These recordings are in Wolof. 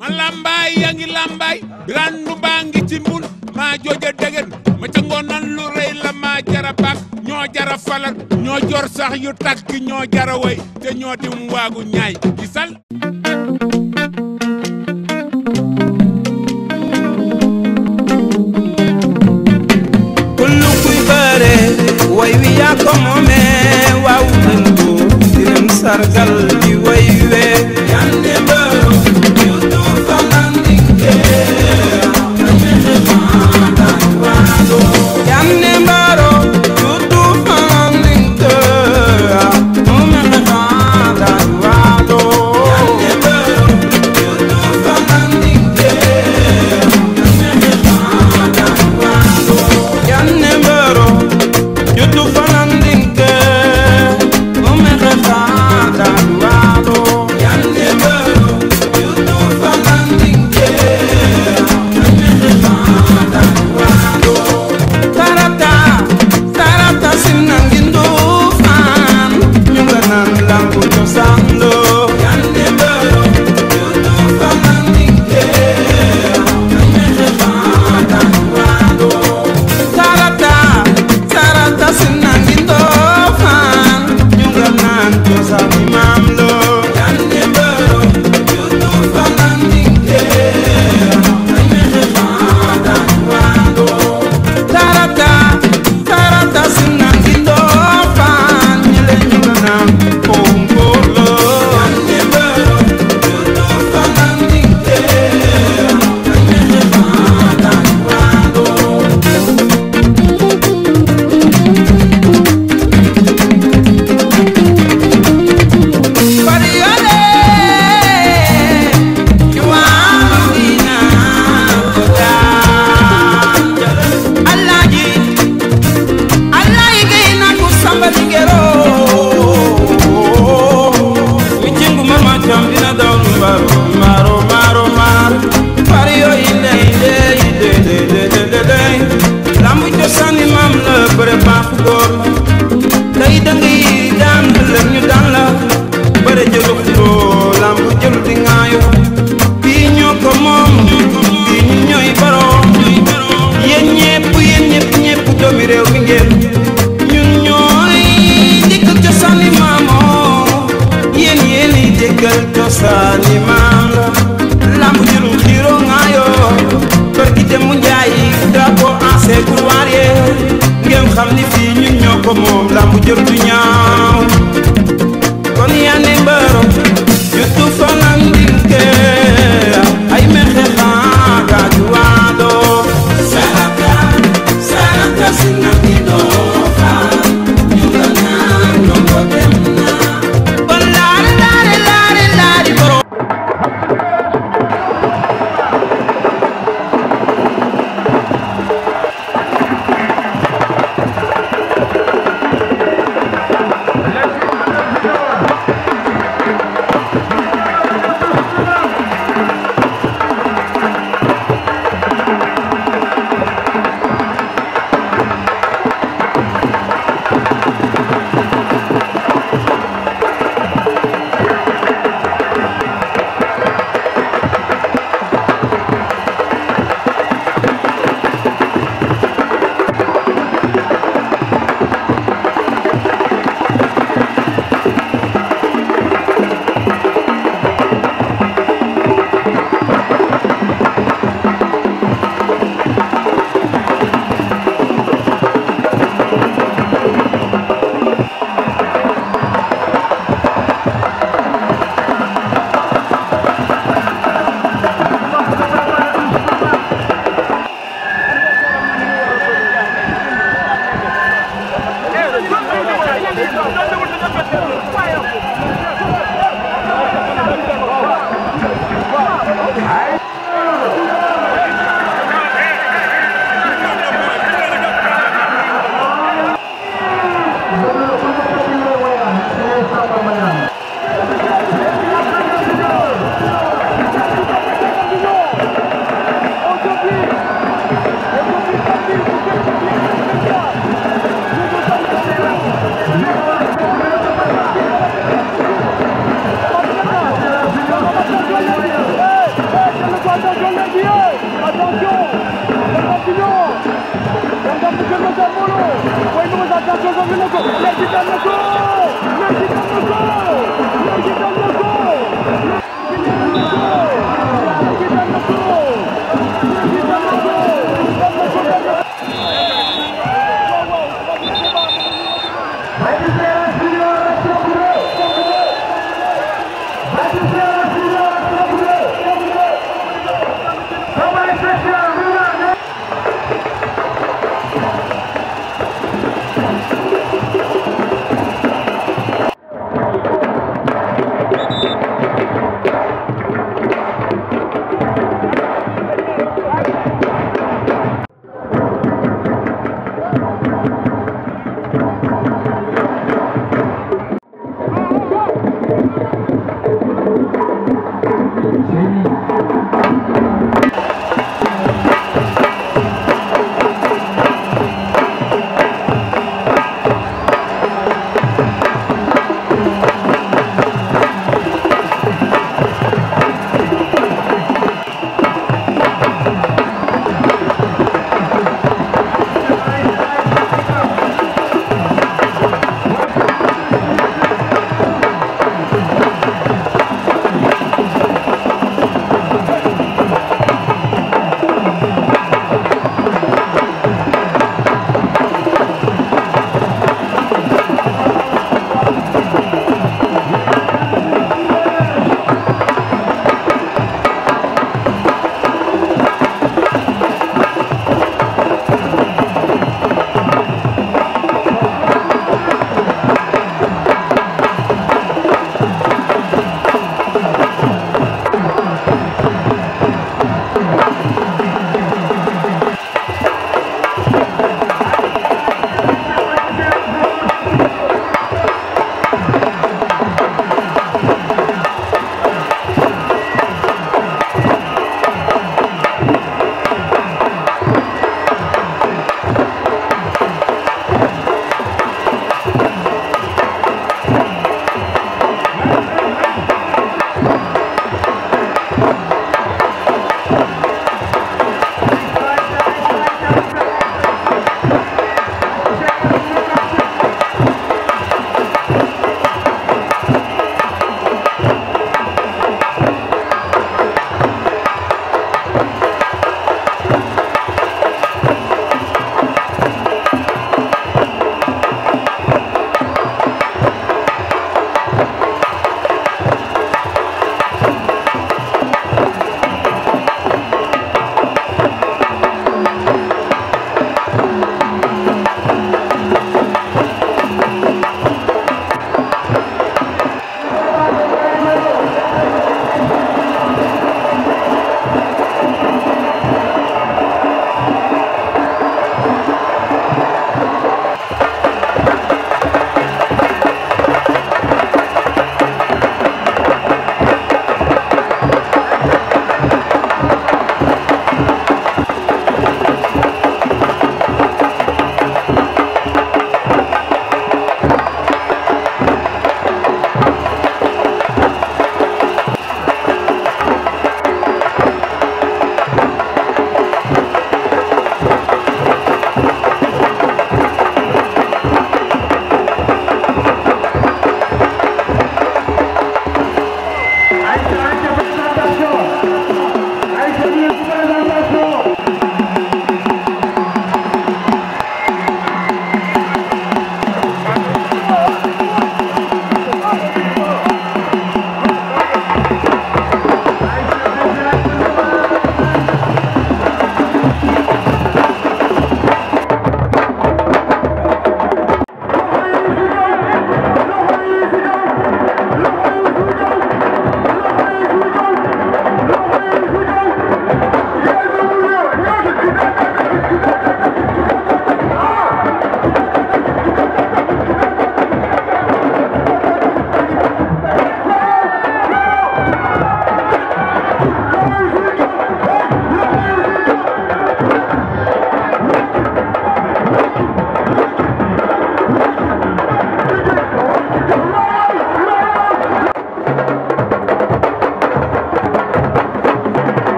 ma làmbaay yaa ngi làmbaay randu baa ngi ci mbul maa jooja degen ma ca ngoonan lu rëy la maa jara bak ñoo jara falar ñoo jor sax yu takk ñoo jara way te ñoo dim waagu ñaay gisal kullu kuy bare way wi yaa ko moome waaw nan ko sargal di way we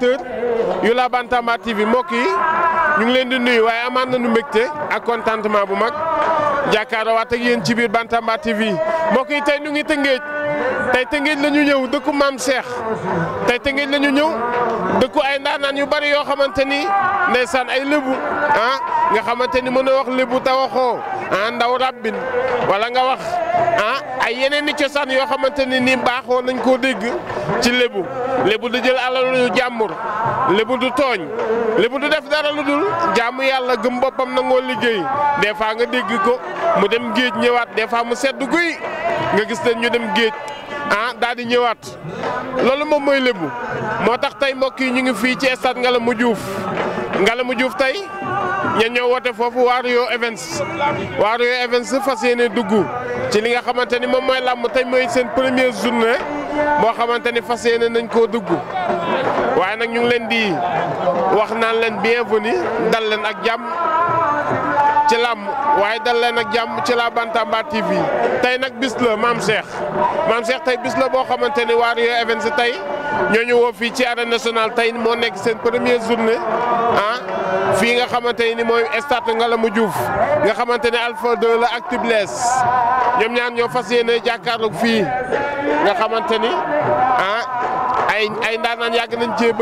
téléspectateurs yu la Bantamba TV mbokk yi ñu ngi leen di nuy waaye amaat nañu mbégte ak contentement bu mag jàkkaar waat ak yéen ci biir Bantamba TV mbokk yi tey ñu ngi Tëngéej tey Tëngéej la ñu ñëw dëkku maam Cheikh tey Tëngéej la ñu ñëw dëkku ay ndaanaan yu bari yoo xamante ni ndeysaan ay lébu ah, nga xamante ni mën a wax lébu te waxoo ah ndaw rabbin wala nga wax ah, ay yeneen i cosaan yoo xamante ni nii baaxoo nañ koo dégg. ci lébu lébu du jël alalu jàmbur lébu du tooñ lébu du def dara lu dul jaamu yàlla gëm boppam nangoo liggéey des fois nga dégg ko mu dem géej ñëwaat des fois mu sedd guy nga gis leen ñu dem géej ah daal di ñëwaat loolu moom mooy lébu moo tax tey mbokk yi ñu ngi fii ci stade Ngalandou Diouf mu Diouf tey ñen ñoo woote foofu Wario Events Wario Events fas yéene dugg ci li nga xamante ni moom mooy làmb tey mooy seen première journée boo xamante ni fas yéene nañ koo dugg waaye nag ñu ngi leen di wax naan leen bienvenue dal leen ak jàmm ci làmb waaye dal leen ak jàmm ci la Bantamba TV tey nag bis la maam Cheikh maam Cheikh tey bis la boo xamante ni Wario Events tey ñoo ñu fii ci arène national tey moo nekk seen première journée ah fii nga xamante ni mooy stade mu Diouf nga xamante ni Alpha 2 la ak Tibless ñoom ñaan ñoo fas yéene jàkkaarloog fii nga xamante ni ah ay ay ndaanaan yàgg nañ cee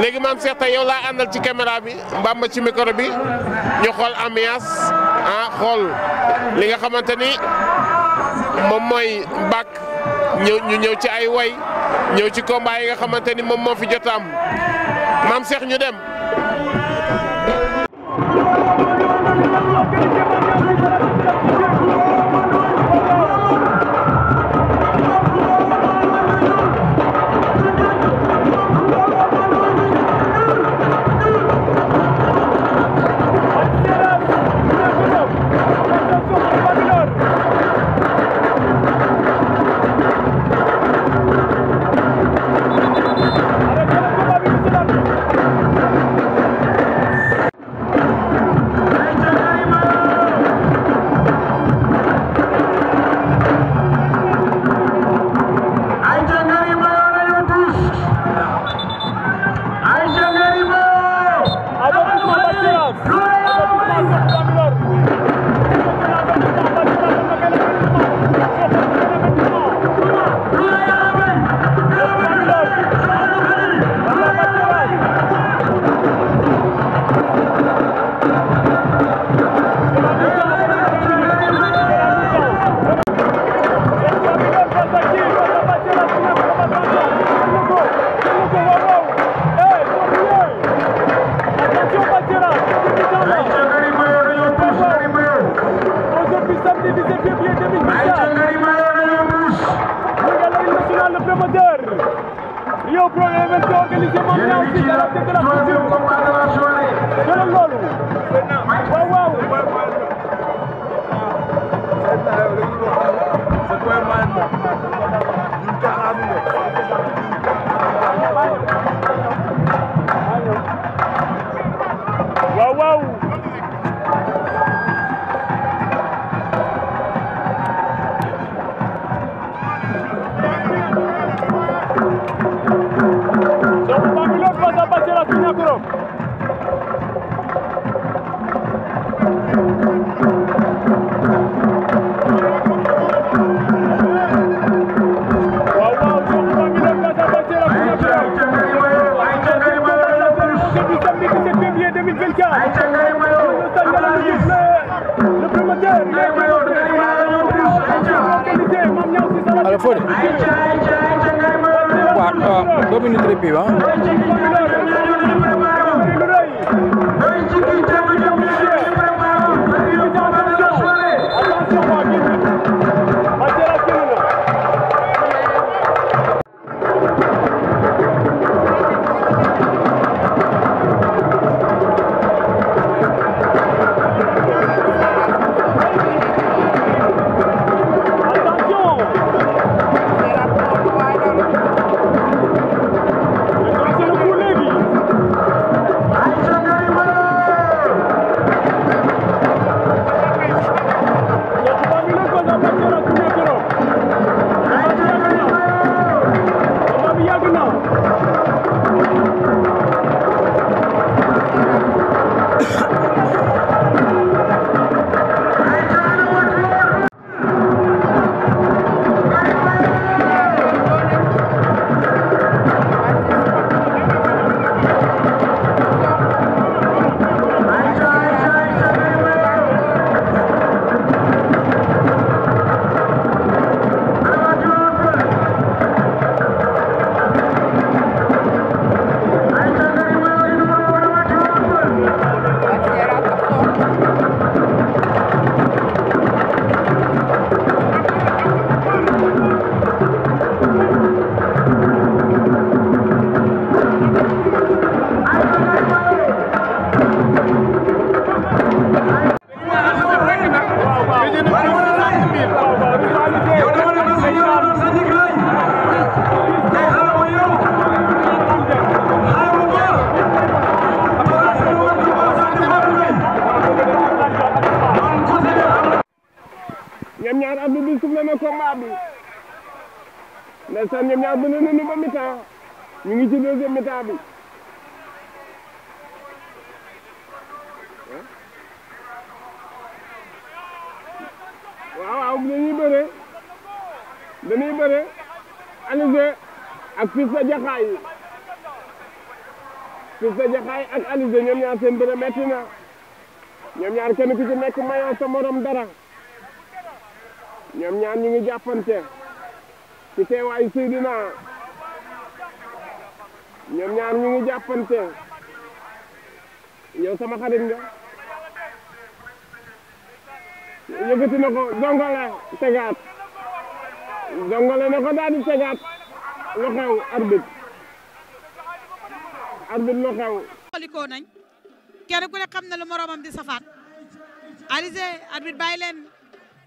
léegi maam Cheikh yow laa àndal ci caméra bi mbamba ci micro bi ñu xool ambiance ah xool li nga xamante ni moom mooy bàkk ñëw ñu ñëw ci ay way ñëw ci combat yi nga xamante ni moom moom fi jot am maam Cheikh ñu dem. temps bële nañu ba ñu ngi ci deuxième mi temps bi waaw waaw dañuy bëre dañuy bëre Alizé ak fils sa jaxaay yi sa jaxaay ak Alizé ñoom ñaar seen bëre metti na ñoom ñaar kenn ku ci nekk mayoo sa dara ñoom ñaar ñu ngi jàppante ci teewaayu Seydina ñoom ñaar ñu ngi yow sama xarit nga yëkkati ko dongole tegaat dongole na ko daal tegaat lu xew arbitre arbitre lu xew xolikoo nañ kenn ku ne na lu moroomam di safaat Alizé arbitre bàyyi leen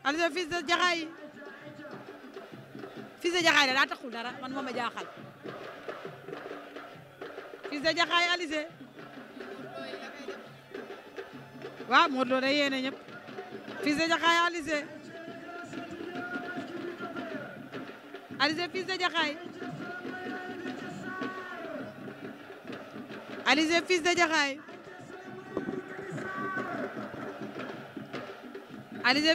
Alizé fils de Fils de Jaxaay daa taxul dara man a jaaxal Fils de Jaxaay Alizé waaw Modou Lo day yéene ñëpp Fils de de Jaxaay Alizé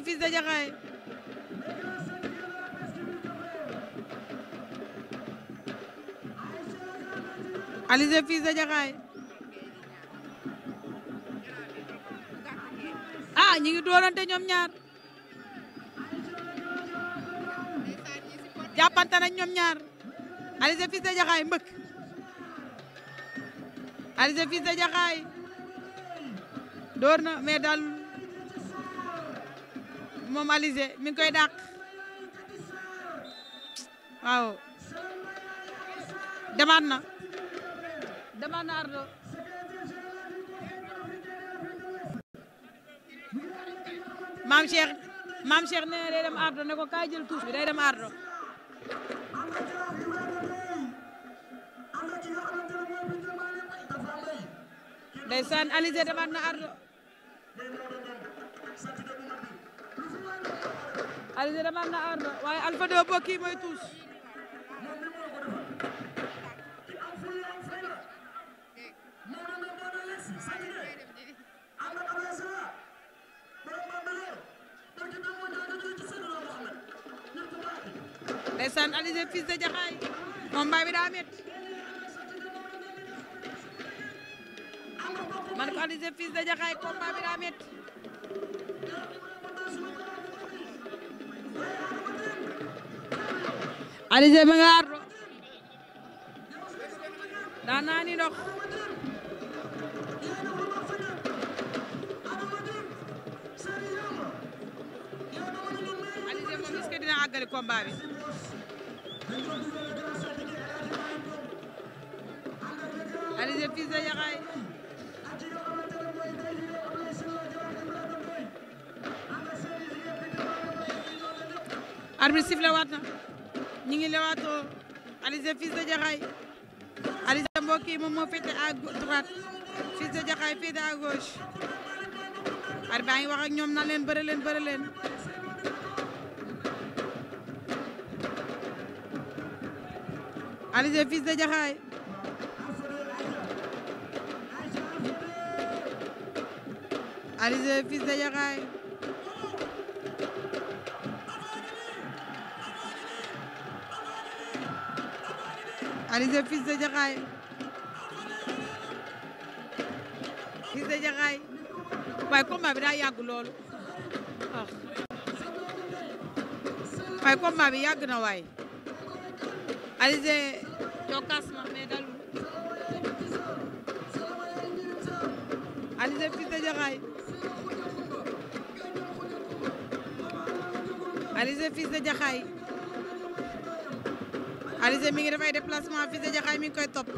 Alizé fils de Jaxaay ah ñi ngi doorante ñoom ñaar jàppante nañ ñoom ñaar Alizé fils de Jaxaay mbëkk Alizé door na mais daal moom Alizé mi ngi koy dàq na Demanarlo. maam Cheikh maam Cheikh nee na ardo ne ko kaay jël tuus bi day dem ardo ndeysaan ardo Alizé ardo waaye Alpha 2 bokki mooy ndeysaan Alizé fils de Jaxaay combat bi daa métti man ko Alizé fils de Jaxaay combat bi daa métti Alizé ma nga ardo daa naa ni ndox àggali combat bi. Alizé fils de Yaxaay. arbitre sifflé waat na ñu ngi lewaatoo Alizé fils de Yaxaay Alizé mbokk yi moom moo féete à droite fils de Yaxaay féete à gauche arbitre baa ngi wax ak ñoom na leen bëre leen bëre leen. Alizé fils de Jaxaay Alizé fils de Jaxaay Alizé fils de Jaxaay fils de Jaxaay waaye combat bi daa yàgg lool ah. waaye combat bi yàgg na waaye Alizé cokkaas ma mais dalul Alizé Fils de Jaxaay Alizé Fils de Jaxaay Alizé mi ngi def ay déplacement Fils mi ngi koy topp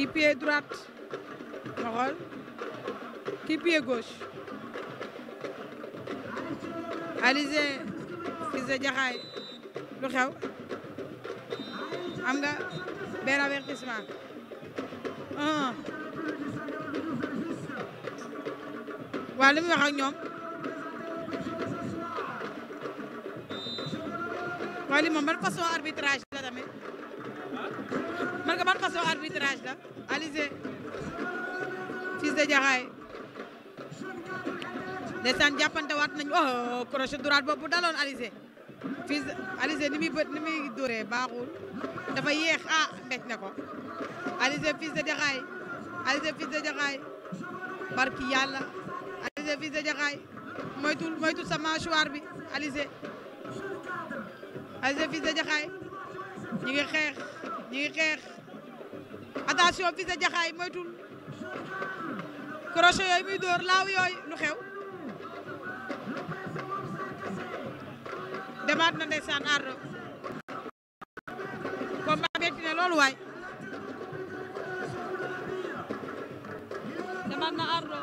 kii pied droite ma xool kii pied gauche Alizé am nga benn avertissement un waaw li mu wax ak ñoom waaye li moom jaxasoo arbitrage la alise fils de Jaxaay ndeysaan jàppante waat nañu oh crochet droite boobu daloon Alizé fils Alizé ni baaxul dafa yéex ah mbéj na ko Alizé fils de Jaxaay Alizé fils de Jaxaay barki yàlla Alizé fils de Jaxaay moytul moytul sa mâchoire bi Alizé xeex ñi xeex attention Fils de Jaxaay moytul crochet yooyu muy dóor laaw yooyu lu xew na ndeysaan Ardo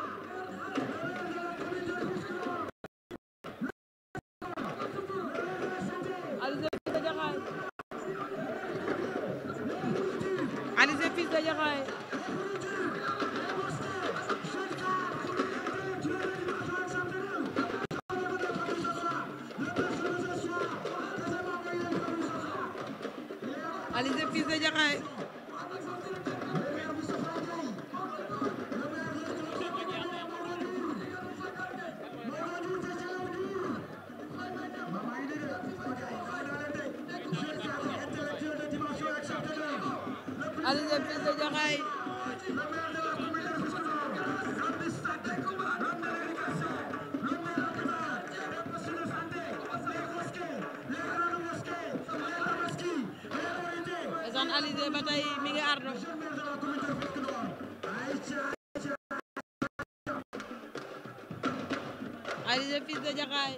de Jaxaay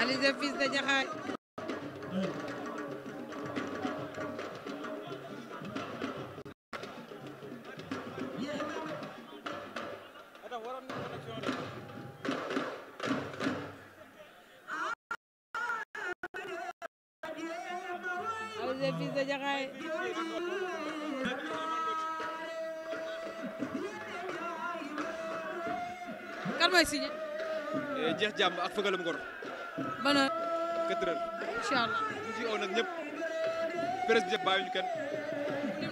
Alizé fils de Jaxaay looy eh, jeex jàmm ak fëgalum ngor. ban heure. quatre heures. incha allah ñu ciy oo nag ñëpp presse ñu kenn.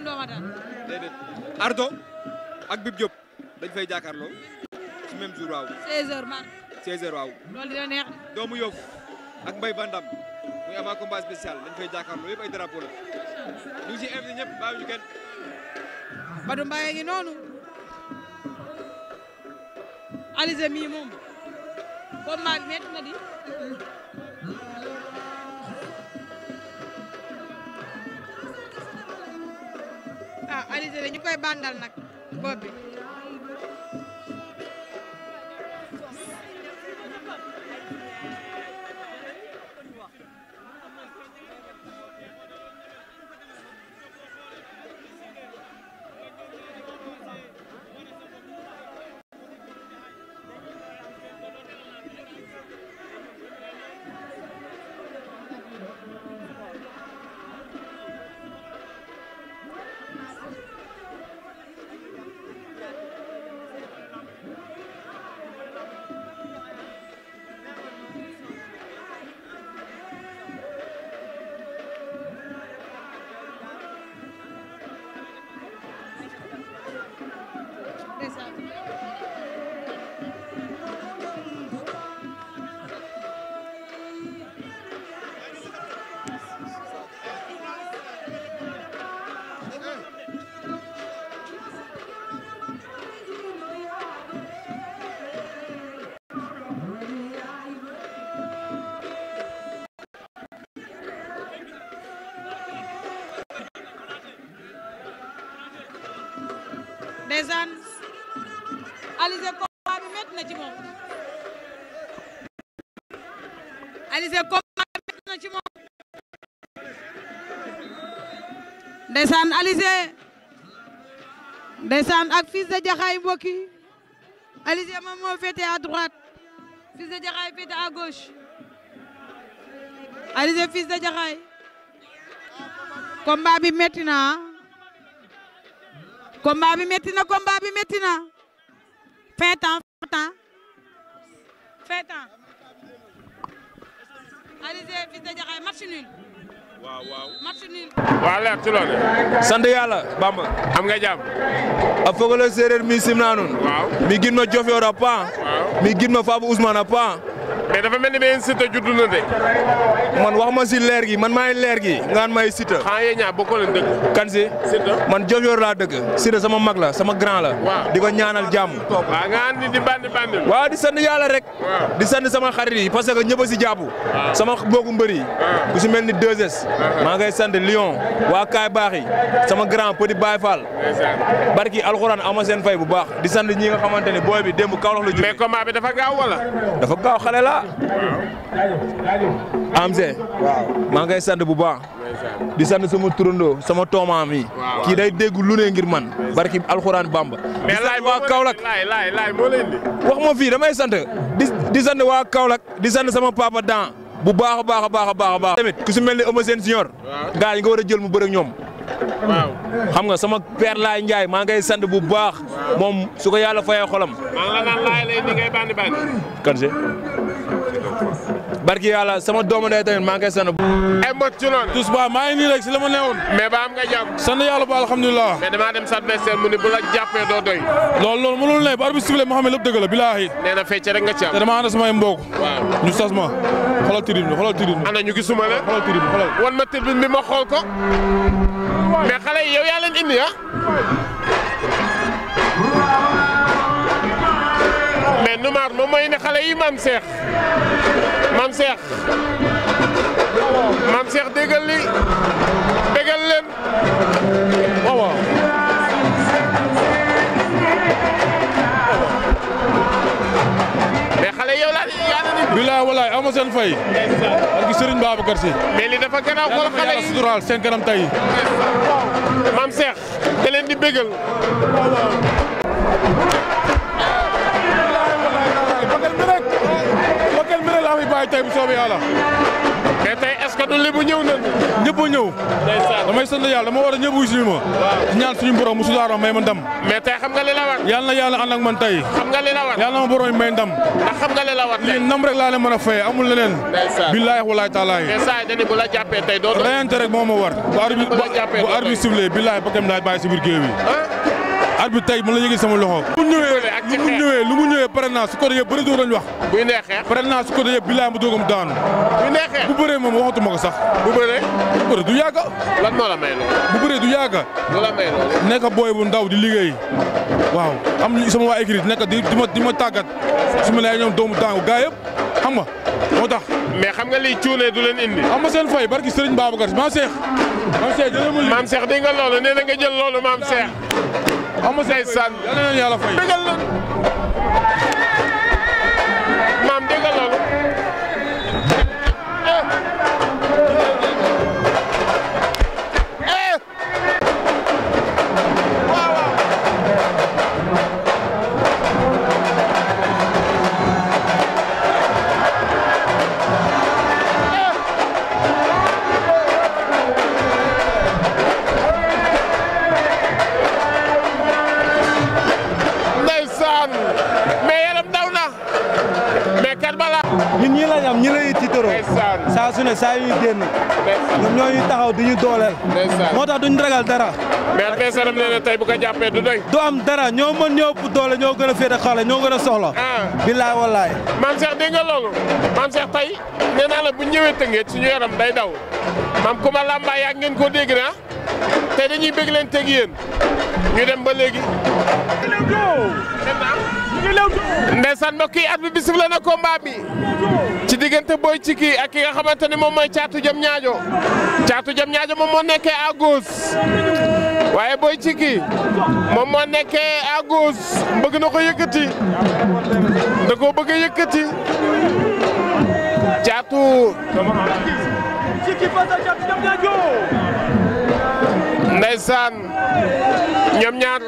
doomu aadama. ak Bib Diop dañ fay jàkkaarloo ci même jour dañ fay jàkkaarloo yëpp ay drapeau la ñu ngi ñëpp bàyyi ñu kenn. Badou Mbaye ngi noonu. Alizé mii moom combat bi métti na di ah Alizé de ñu koy nag bopp bi ndeysaan Alizé ndeysaan ak fils de Jaxaay mbokk yi Alizé moom moo droite fils de Jaxaay fils de Jaxaay combat bi metti na ah. combat bi metti na combat bi metti na fin temps fin temps fin temps Alizé fils de Jaxaay match waaw waaw. waa yàlla Bamba. am nga jàmm. a fogole séeréer mi simna nun. waaw mi a paax. waaw mi gidma Fabou a paax. mais dafa mel ni benn Siteu man wax ma si leer gi man maay leer gi nga ma Siteu. xanaa yéen ñaar bokkoo leen dëkk. kan si. Siteu man dëkk. Siteu sama mag la sama grand la. di ko ñaanal jàmm. waaw nga andi di bandi bandi. waaw di sant yàlla rek. di sant sama xarit yi parce que ñëpp si jàpp. sama bokku mbër yi. ku si mel ni 2S. Uh-huh. maa ngay sant Lyon waa Kaay Baax yi sama grand petit Baye Fall. barki alxuraan ama seen fay bu baax di sant ñi nga xamante ne booy bi démb Kaolack la jógee. mais combat bi dafa gaaw wala. dafa gaaw xale ah am se maa ngay sant bu baax di sant sama turandoo sama toomaam yi kii day dégg lu ne ngir man barki alxuraan bamba mais laay waa Kaolack laay laay moo leen di wax ma fii damay sant di di sant waa Kaolack di sant sama papa dan bu baax a baax a baax a baax a baax tamit ku si mel ni Eumeu Sène Junior gaa yi nga war a jël mu bëre ak ñoom waaw xam nga sama père Laay Ndiaye maa ngay sant bu baax moom su ko yàlla fayee xolam man la naan laay lay ni ngay bandi bandi kan si barki yàlla sama doomu ndey tamit maa ngi koy sant. ay mbot ci loolu. maa ngi nii rek si la ma newoon. am nga jàpp. sant yàlla ba alhamdulilah. mais damaa dem sa adversaire mu ne bu la jàppee doo doy. loolu loolu mënul ne ba arbitre sifflé ma xam ne lépp dëgg la bilaahi. nee na fecc nga ci am. te dama ànd samay mbokk. waaw ñu sas ma xoolal tribune bi ma tribune bi ma xool ko. mais xale yaa maam Cheikh maam Cheikh déggal li déggal leen waaw waaw mais xale yow laa yaa na ni. bilaay walaay aw ma seen fay. ak Serigne Babacar Sy. mais li dafa gën a xool xale yi yàlla suturaal seen kanam tey. maam Cheikh da leen di bégal. koy bàyyi tey bu soobee yàlla. mais tey est ce que du li bu ñëw nañ. ñëpp a a ma. la war. yàlla na yàlla ànd ak la war a billaahi walaay taalaay. mais saa yi war. bu arbitre bu arbitre billaahi ba laay bàyyi si biir arbitre tey mën la yëgee sama loxo. mu ñëwee mu ñëwee lu mu ñëwee pare naa su ko dee bëri doo doon wax. buy neexee pare naa su ko dee bilaay ma doogam daanu. buy neexee bu bëree ko sax. bu bëree. bu bëree du yàgg. lan moo la may loolu. bu bëree du yàgg. moo la may loolu. nekk booy bu ndaw di liggéey. waaw am sama waa écrit nekk di di ma di ma tàggat su ma nee ñoom doomu daangu gaa yëpp xam nga moo tax. mais xam nga liy cuune du leen indi. am ma seen fay barki Serigne Babacar maam Cheikh. maam Cheikh jëlee ma lii maam Cheikh dégg loolu nee na nga jël loolu maam Cheikh. am ma seen fay yàlla na ñun ñii lañ am ñi lay tiitaroo saa su ne saa yuy génn ñoom ñoo ñu taxaw duñu dooleel moo tax duñ ragal dara mais a saram nee na tey bu ko jàppee du doy du am dara ñoo mën ñoo ëpp doole ñoo gën a féete xale ñoo gën a soxla ah. bilaay wallaay maam Cheikh dégg nga loolu maam Cheikh tey nee naa ñëwee tëngee suñu yaram day daw maam ku ma làmbaa yaa ngeen ko dégg na te dañuy bëgg leen teg yéen ñu dem ba léegi ndeysaan mbokk yi at bi bisimilah na combat bi ci diggante Boy Thieky ak ki nga xamante ni moom mooy ñaajo Diamniadio Thiatou ñaajo moom moo nekkee à gauche waaye Boy Thieky moom moo nekkee à gauche bëgg na ko yëkkati da koo bëgg a yëkkati Thiatou ndeysaan ñaar.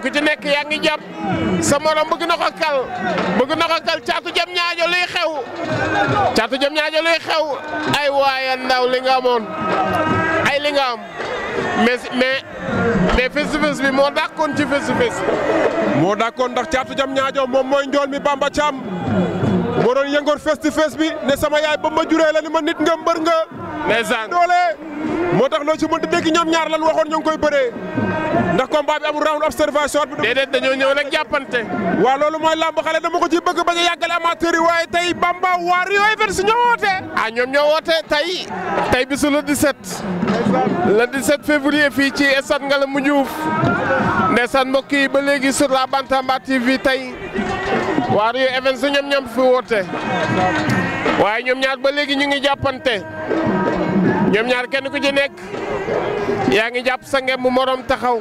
ku ci nekk yaa ngi jàpp sama morom bëgg na ko kal bëgg na ko kal caatu jam ñaajo luy xew caatu jam ñaajo luy xew ay waaye ndaw li nga amoon ay li nga am mais mais bi moo dàkkoon ci face to moo dàkkoon ndax caatu jam ñaajo moom mooy njool mi Bamba Thiam moo doon bi ne sama ma juree la ni ma nit moo tax loo ci mënta dégg ñoom ñaar lan waxoon ñu ngi koy bëree ndax combat bi amul round observation bi. déedéet dañoo ñëw rek jàppante. waaw loolu mooy làmb xale dama ko ci bëgg bañ a yàggale amateur waaye tey Bamba waa Rio Events si ñoo woote. ah ñoom ñoo woote tey tey bisu le 17. le 17 février fii ci stade Ngalandou Diouf ndeysaan mbokk yi ba léegi sur la Bantamba TV tey. waa Rio Events ñoom ñoom fi woote waaye ñoom ñaar ba léegi ñu ngi jàppante ñoom ñaar kenn ku ci nekk yaa ngi jàpp sa mu morom taxaw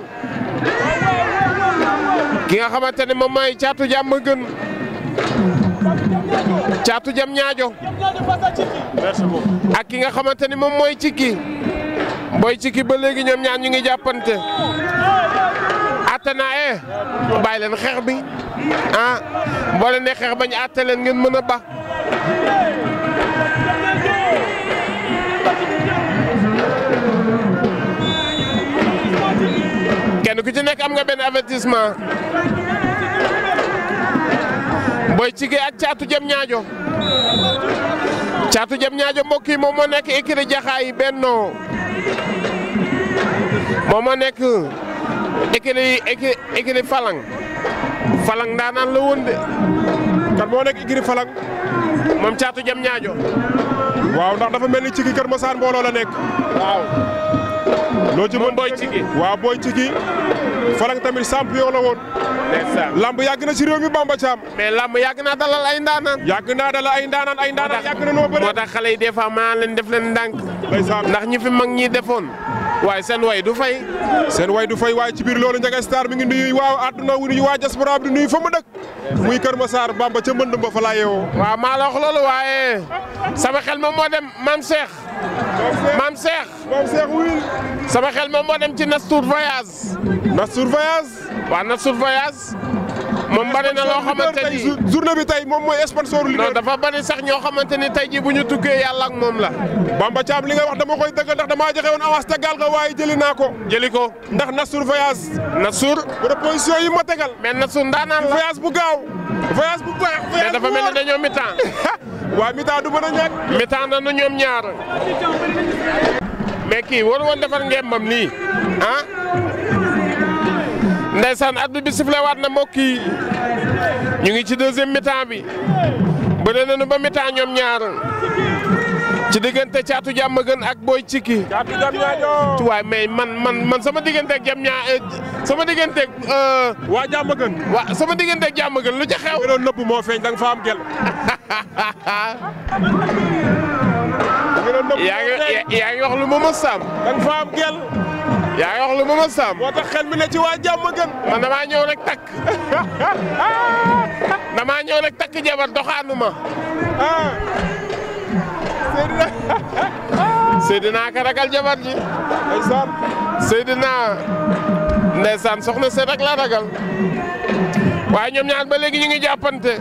ki nga xamante ne moom mooy caatu jàmm gën caatu jam ñaajo ak ki nga xamante ni moom mooy cikki booy cikki ba léegi ñoom ñaar ñu ngi jàppante atte naa eh. xeex bi ah boo leen ne xeex bañ atte leen ngeen mën a ba kenn ku ci nekk am nga benn avertissement booy cigee ak caatu jëm ñaajo caatu jëm ñaajo mbokk yi moom moo nekk écurie Jaxaay Benno moom nekk écurie écurie Falang Falang ndaanaan la woon moo nekk écurie Falang. moom caatu jam ñaajo. waaw ndax dafa mel ni Ciki Kër Masaan mbooloo la nekk. waaw. loo ci mën booy Ciki waaw booy Ciki. Falang tamit champion la woon. ndeysaan lamb yàgg na ci réew mi Bamba Thiam. mais lamb yàgg na dalal ay ndaanaan. yàgg naa dalal ay ndaanaan ay ndaanaan yàgg noo moo tax xale yi des fois maa leen def leen ndànk. ndeysaan ndax ñi fi mag ñii defoon. waaye seen way du fay. seen way du fay waaye ci biir loolu Ndiaga Star mi ngi nuyu waa àdduna wu nuyu waa diaspora bi nuyu fa mu dëkk. muy Kër Massar Bamba ca mbënd ba fa laa yeewoo. waaw maa la loolu waaye sama xel moom moo dem maam Cheikh. maam sama xel moom moo dem ci Nastour voyage. Nastour voyage. waaw Nastour voyage. bari na loo xamante ni journée bi tay moom mooy sponsor li non dafa bari sax ñoo xamante ni tey ji bu ñu tukkee yàlla ak moom la Bamba Thiam li nga wax dama koy dëggal ndax damaa joxe woon avance tegal nga waaye jëli naa ko jëli ko ndax Nassour voyage Nassour proposition yi ma tegal mais Nassour ndaanaan la voyage bu gaaw voyage bu baax mais dafa mel ni dañoo mitaan waa mitaan du mën a ñàkk mitaan nañu ñoom ñaar mais kii waru woon defar ngembam nii ah ndeysaan arbitre bi sifflé waat na mbokk yi ñu ngi ci deuxième mi-temps bi bëre nañu ba mi-temps ñoom ñaar ci diggante caatu jàmm gën ak booy cikki waaye mais man man man sama digganteeg jàmm ñaar eh, sama digganteeg. Euh, waa jàmm gën. soo sama digganteeg jàmm gën lu ca xew. loolu nëpp moo feeñ yaa ngi lu ma mës saam. da gel. yaa ngi wax lu ma moo tax xel mi ne ci waa jàmm gën. man damaa ñëw rek takk damaa ñëw rek takk jabar doxaanu ma. Seydina Seydina ka ragal jabar ji. ndeysaan Seydina ndeysaan soxna se rek laa ragal. waaye ñoom ñaar ba léegi ñu ngi jàppante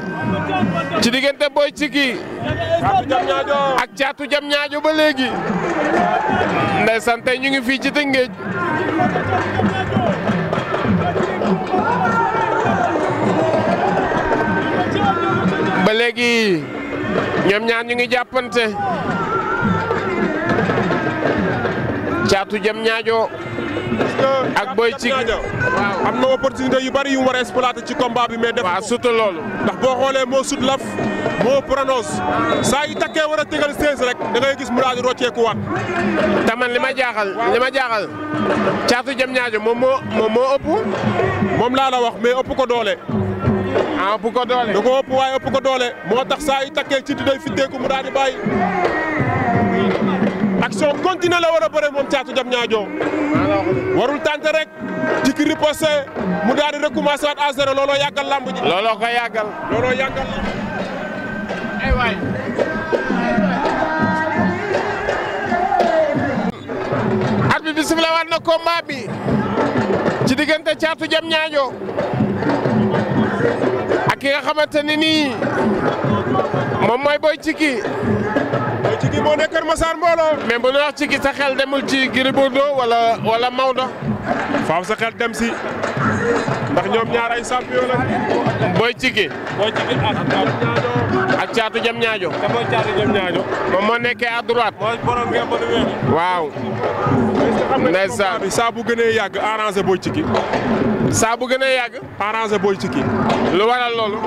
ci diggante Boy Ciki ak caatu jam ñaajo ba léegi ndeysaan ñu ngi fii ci Tëngéej ba léegi ñoom ñaar ñu ngi jàppante caatu jam ñaajo ak Boy Cig waaw am na opportunité yu bari yu mu ci combat bi mais def waaw surtout loolu ndax boo xoolee moo sut laf moo pronos saa yi takkee war tegal 16 rek da ngay gis mu daal di rocceeku waat te li ma jaaxal li ma jaaxal caatu jëm ñaajo moom moo moom moo ëpp moom laa la wax mais ëpp ko doole ah ko doole da ko ko doole moo tax saa yi takkee ci di day fitteeku mu daal di action continue la war a bëre moom caatu jam ñaajoo warul tànte rek dikki riposté mu daal di recommencé waat à zéro looloo yàggal lamb ji looloo ko yàggal looloo yàggal lamb ay waay at bi bisimilah waat na combat bi ci diggante caatu jam ñaajoo ak ki nga xamante ni nii moom mooy boy ciki Ciggi moo nekk Kër Masar mbooloo. mais bu ñu wax Ciggi sa xel demul ci Gris Bordeaux wala wala Maodo. faaw sa xel dem si ndax ñoom ñaaray ay champion la. booy Ciggi. booy Ciggi ak caatu jëm ñaajo. te mooy caatu waaw. ndeysaan saa bu gënee yàgg arrangé booy Ciggi. saa bu gënee yàgg. arrangé booy Ciggi. lu waral loolu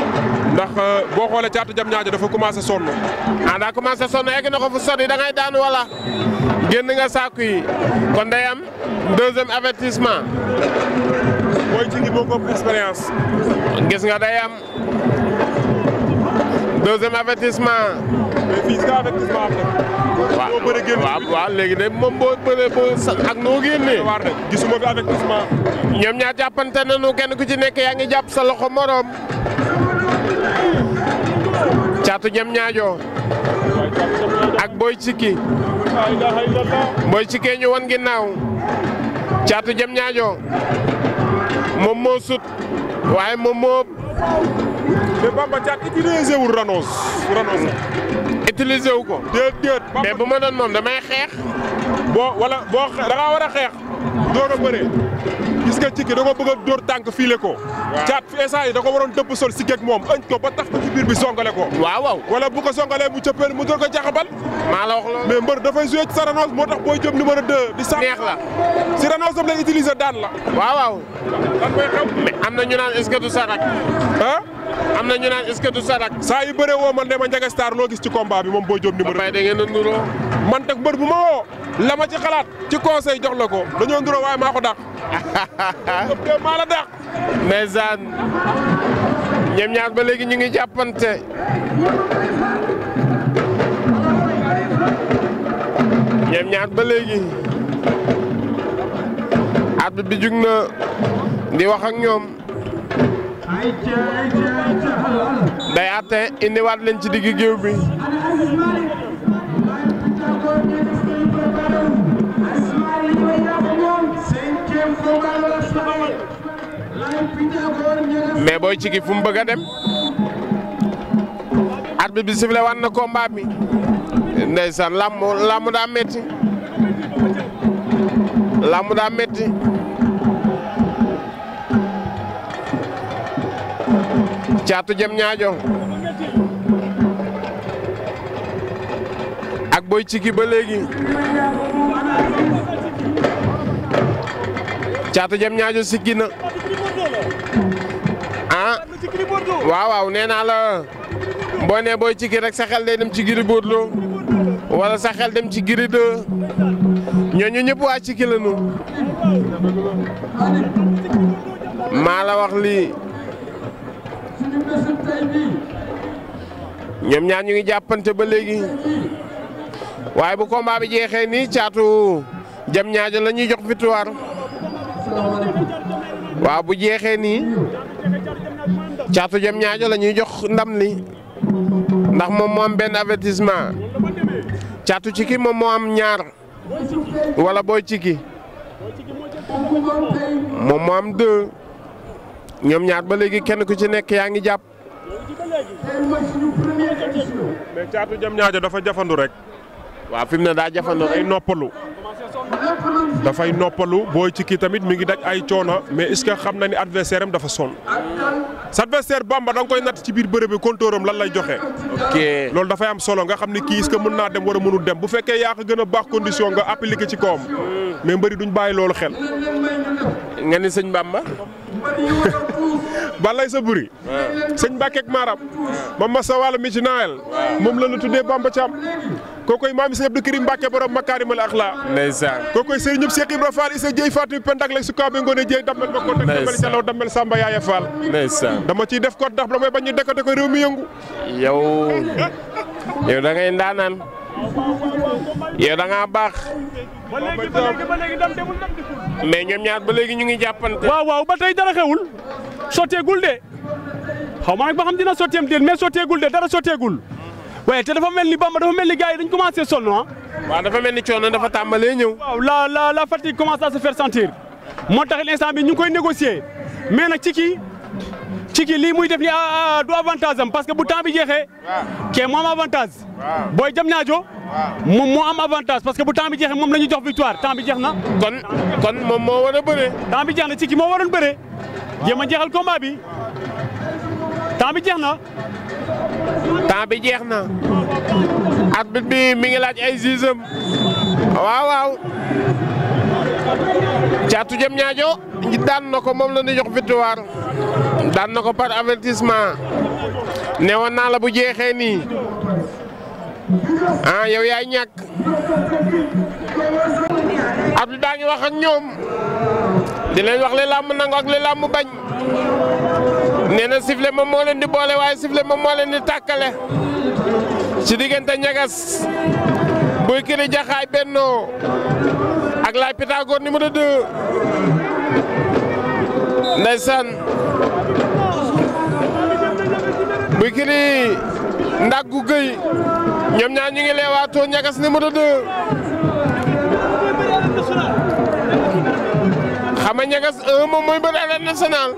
ndax euh, boo xoolee caatu jam ñaajo dafa commencé sonn ah daa commencé sonn egg na ko fu sori da ngay daan wala génn nga saako yi kon day am deuxième avertissement booy ci ngi boo expérience gis nga day am deuxième mais fii si avec gis nga léegi de moom boo bëree boo sax ak noo génnee. waaw rek gisuma fi avec gis ñoom ñaar jàppante nañu kenn ku ci nekk yaa ngi jàpp sa loxo moroom. caatu jëm ñaajo ak Boy Cikki Boy Cikkee ñu wan ginnaaw caatu jëm ñaajo moom moo waaye moom moo mais Bamba Thiat utilisé wul Ranos Ranos la. wu ko. déet déet. mais bu ma doon moom damay xeex. boo wala boo xe da ngaa war a xeex. door a bëree. gis nga Cikki da ko bëgg a dóor tànk fiile ko. waaw Thiat fi instant yi da ko waroon dëpp sol si geeg moom ëñ ko ba tax ko ci biir bi songale ko. waaw waaw wala bu ko songalee mu cëppeel mu door ko jaxabal. maa la wax loolu mbër dafay joué ci sa moo tax booy jëm numéro 2. di sànq neex la si Ranos am lay utiliser daan la. waaw lan am na ñu naan est du sarak. saa yu bëree woo man de ma Ndiaga Star gis ci combat bi moom Boy Diop numéro. ba da ngeen a nuroo. man teg mbër bu ma woo la ma ci xalaat ci conseil jox la ko dañoo nuroo waaye maa ko dàq. ñoom maa la mais zaan ñoom ñaar ba léegi ñu ngi jàppante. ñoom ñaar ba léegi. at bi jug na di wax ñoom. day àtte indiwaat leen ci digg géew bi. mais booy ciki fu bëgg a dem arbitre bi sifflé waat na combat bi ndeysaan làmb làmb daa metti làmb daa metti caatu jëm ñaajo ak boy ciki ba léegi caatu jëm ñaajo siggi na ah waaw nee naa la boo nee boy ciki rek sa xel day dem ci Gris Bordeaux wala sa xel dem ci Gris 2 ñooñu ñëpp waa ciki lañu maa la wax lii. di ñoom ñaar ñu ngi jàppante ba léegi waaye bu combat bi jeexee nii caatu jam ñaajo la ñuy jox victoire waaw bu jeexee nii caatu jam ñaajo la ñuy jox ndam li ndax moom moo am benn avertissement caatu ciki moom moo am ñaar wala booy ciki moom moo am ñoom ñaar ba léegi kenn ku ci nekk yaa ngi jàpp. mais jam ñaajo dafa jafandu rek. waa fi mu ne daa jafandu ay noppalu. dafay noppalu booy ci kii tamit mu ngi daj ay coono mais est-ce xam na ni adversaire am dafa son sa adversaire bamba da nga koy natt ci biir bërëb bi compteur lan lay joxe. loolu dafay am solo nga xam ni kii est mën naa dem war a mënul dem bu fekkee yaa ko gën a baax condition nga appliqué ci kawam. Hmm. mais mbëri duñu bàyyi loolu xel. nga ni sëñ bamba. balay sa buri sëñ Mbàkke ak Maram ma sa wàllu mi ci naawel moom la ñu tuddee Bamba Thiam kookoy maam Sëñ Abdou Karim Mbàkke borom makaarimal axlaa ndeysaan kookoy sëriñ ñëpp Cheikh Ibra Fall isa jëy Fatou pendak lay sukaabe ngoone jëy dammel ma ko dammel jalaw dammel Samba Yaaya Fall dama ciy def ko ndax damay bañ ñu dékoté ko réew mi yëngu yow yow da ngay ndaanaan yow da baax ba léegi ba léegi ba léegi ndam demul ndam dikul mais ñoom ñaar ba léegi ñu ngi jàppante. waaw waaw ba tey dara xewul sotteegul de xaw ma nag ba xam dina sotteem déet mais sotteegul de dara sotteegul waaye te dafa mel ni Bamba dafa mel ni gars yi dañ commencé sonn ah. waaw dafa mel ni coono dafa tàmbalee ñëw. waaw la la la fatigue commence à se faire sentir moo tax l'instant bi ñu ngi koy négocier mais na ci ci kii lii muy def ni ah, ah, ah, du avantage am parce que bu temps bi jeexee. ke moom avantage. booy jam naajo moom moo am avantage parce que bu temps bi jeexee moom la ñu jox victoire temps bi jeex na. kon kon moom moo war a bëree. temps bi jeex na ci moo waroon bëree. jéem a jeexal combat bi. bi jeex na. temps bi jeex na. arbitre bi mi ngi laaj ay zizam. waaw waaw. caatu jëm ñaajo daan na ko moom la ñu jox victoire daan na ko par avertissement ne woon naa la bu jeexee nii ah yow yaay ñàkk Abdou daa ngi wax ak ñoom di leen wax le làmb nangu ak le làmb bañ nee na sifle moom moo leen di boole waaye sifle moom moo leen di tàkkale ci diggante ñagas buy kiri jaxaay bennoo ak laay Pythagore numéro 2 ndeysaan Bikiri Ndaggu Guèye ñoom ñaar ñu ngi leewaatoo ñagas numéro 2 xam nga ñagas 1 moom mooy bëri arène nationale